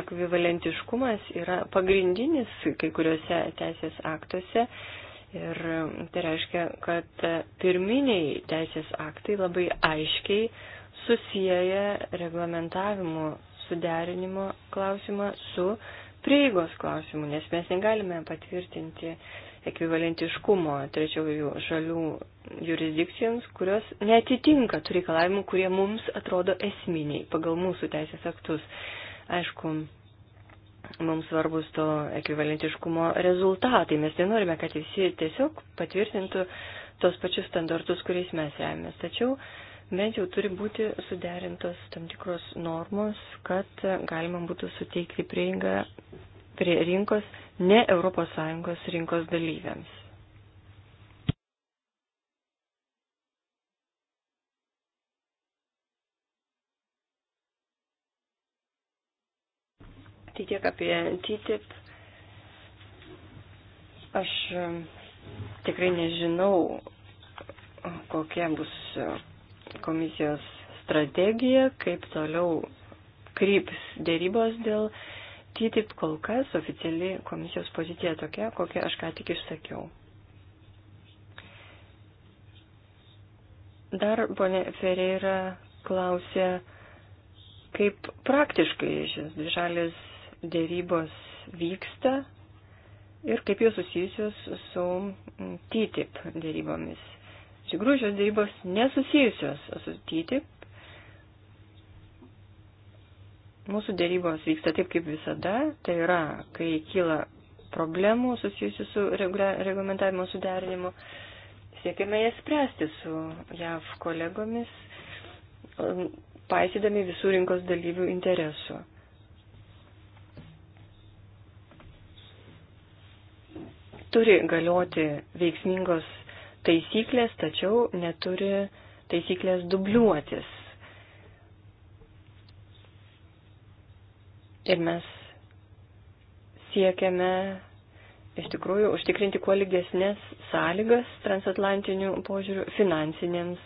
ekvivalentiškumas yra pagrindinis kai kuriuose teisės aktuose. Ir e, tai reiškia, kad e, pirminiai teisės aktai labai aiškiai susiję reglamentavimo suderinimo klausimą su prieigos klausimu, nes mes negalime patvirtinti ekvivalentiškumo trečiųjų šalių jurisdikcijoms, kurios netitinka tų reikalavimų, kurie mums atrodo esminiai pagal mūsų teisės aktus. Aišku, mums svarbus to ekvivalentiškumo rezultatai. Mes nenorime, kad visi tiesiog patvirtintų tos pačius standartus, kuriais mes remiamės. Tačiau bent jau turi būti suderintos tam tikros normos, kad galima būtų suteikti prieigą prie rinkos ne ES rinkos dalyviams. Tai tiek apie TTIP. Aš um, tikrai nežinau, kokia bus uh, komisijos strategija, kaip toliau kryps dėrybos dėl TTIP kol kas oficiali komisijos pozicija tokia, kokią aš ką tik išsakiau. Dar ponė Ferreira klausė, kaip praktiškai šis dvišalės dėrybos vyksta ir kaip jos susijusios su mm, TTIP dėrybomis. Iš tikrųjų, šios dėrybos nesusijusios su TTIP, Mūsų dėrybos vyksta taip kaip visada, tai yra, kai kyla problemų susijusių su reglamentavimo suderinimu, siekiame jas spręsti su JAV kolegomis, um, paisydami visų rinkos dalyvių interesų. Turi galioti veiksmingos taisyklės, tačiau neturi taisyklės dubliuotis. Ir mes siekiame iš tikrųjų užtikrinti kuo lygesnės sąlygas transatlantinių požiūrių finansinėms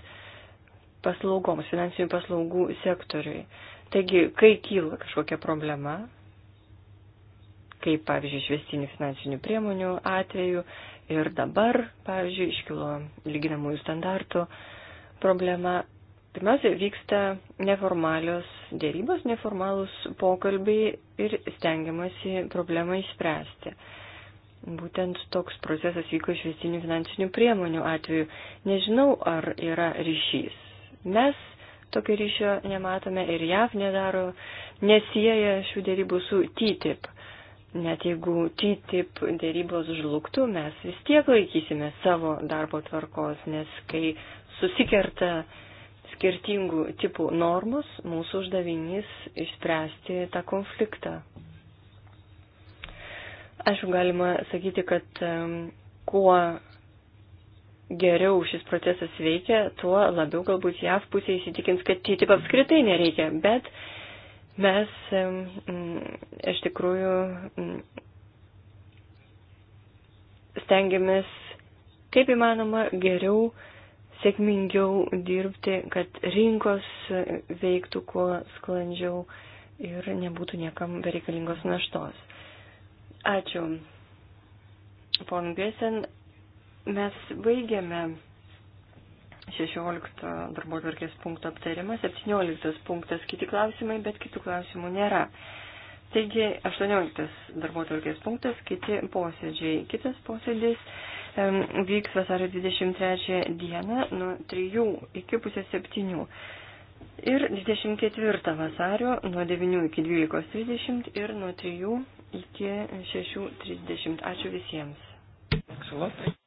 paslaugoms, finansinių paslaugų sektoriui. Taigi, kai kyla kažkokia problema, kaip pavyzdžiui išvestinių finansinių priemonių atveju ir dabar, pavyzdžiui, iškilo lyginamųjų standartų problema, Pirmiausia, vyksta neformalios dėrybos, neformalūs pokalbiai ir stengiamasi problemą išspręsti. Būtent toks procesas vyko išvestinių finansinių priemonių atveju. Nežinau, ar yra ryšys. Mes tokio ryšio nematome ir JAV nedaro, nesieja šių dėrybų su TTIP. Net jeigu TTIP dėrybos žlugtų, mes vis tiek laikysime savo darbo tvarkos, nes kai susikerta skirtingų tipų normos, mūsų uždavinys išspręsti tą konfliktą. Aišku, galima sakyti, kad kuo geriau šis procesas veikia, tuo labiau galbūt JAV pusė įsitikins, kad TTIP apskritai nereikia. Bet mes mm, iš tikrųjų mm, stengiamės kaip įmanoma geriau sėkmingiau dirbti, kad rinkos veiktų kuo sklandžiau ir nebūtų niekam bereikalingos naštos. Ačiū. Pon Gesen, mes baigiame 16 darbo tvarkės punkto aptarimą, 17 punktas kiti klausimai, bet kitų klausimų nėra. Taigi, 18 darbotvarkės punktas, kiti posėdžiai. Kitas posėdis vyks vasario 23 dieną nuo 3 iki pusės 7. Ir 24 vasario nuo 9 iki 12.30 ir nuo 3 iki 6.30. Ačiū visiems. Excellent.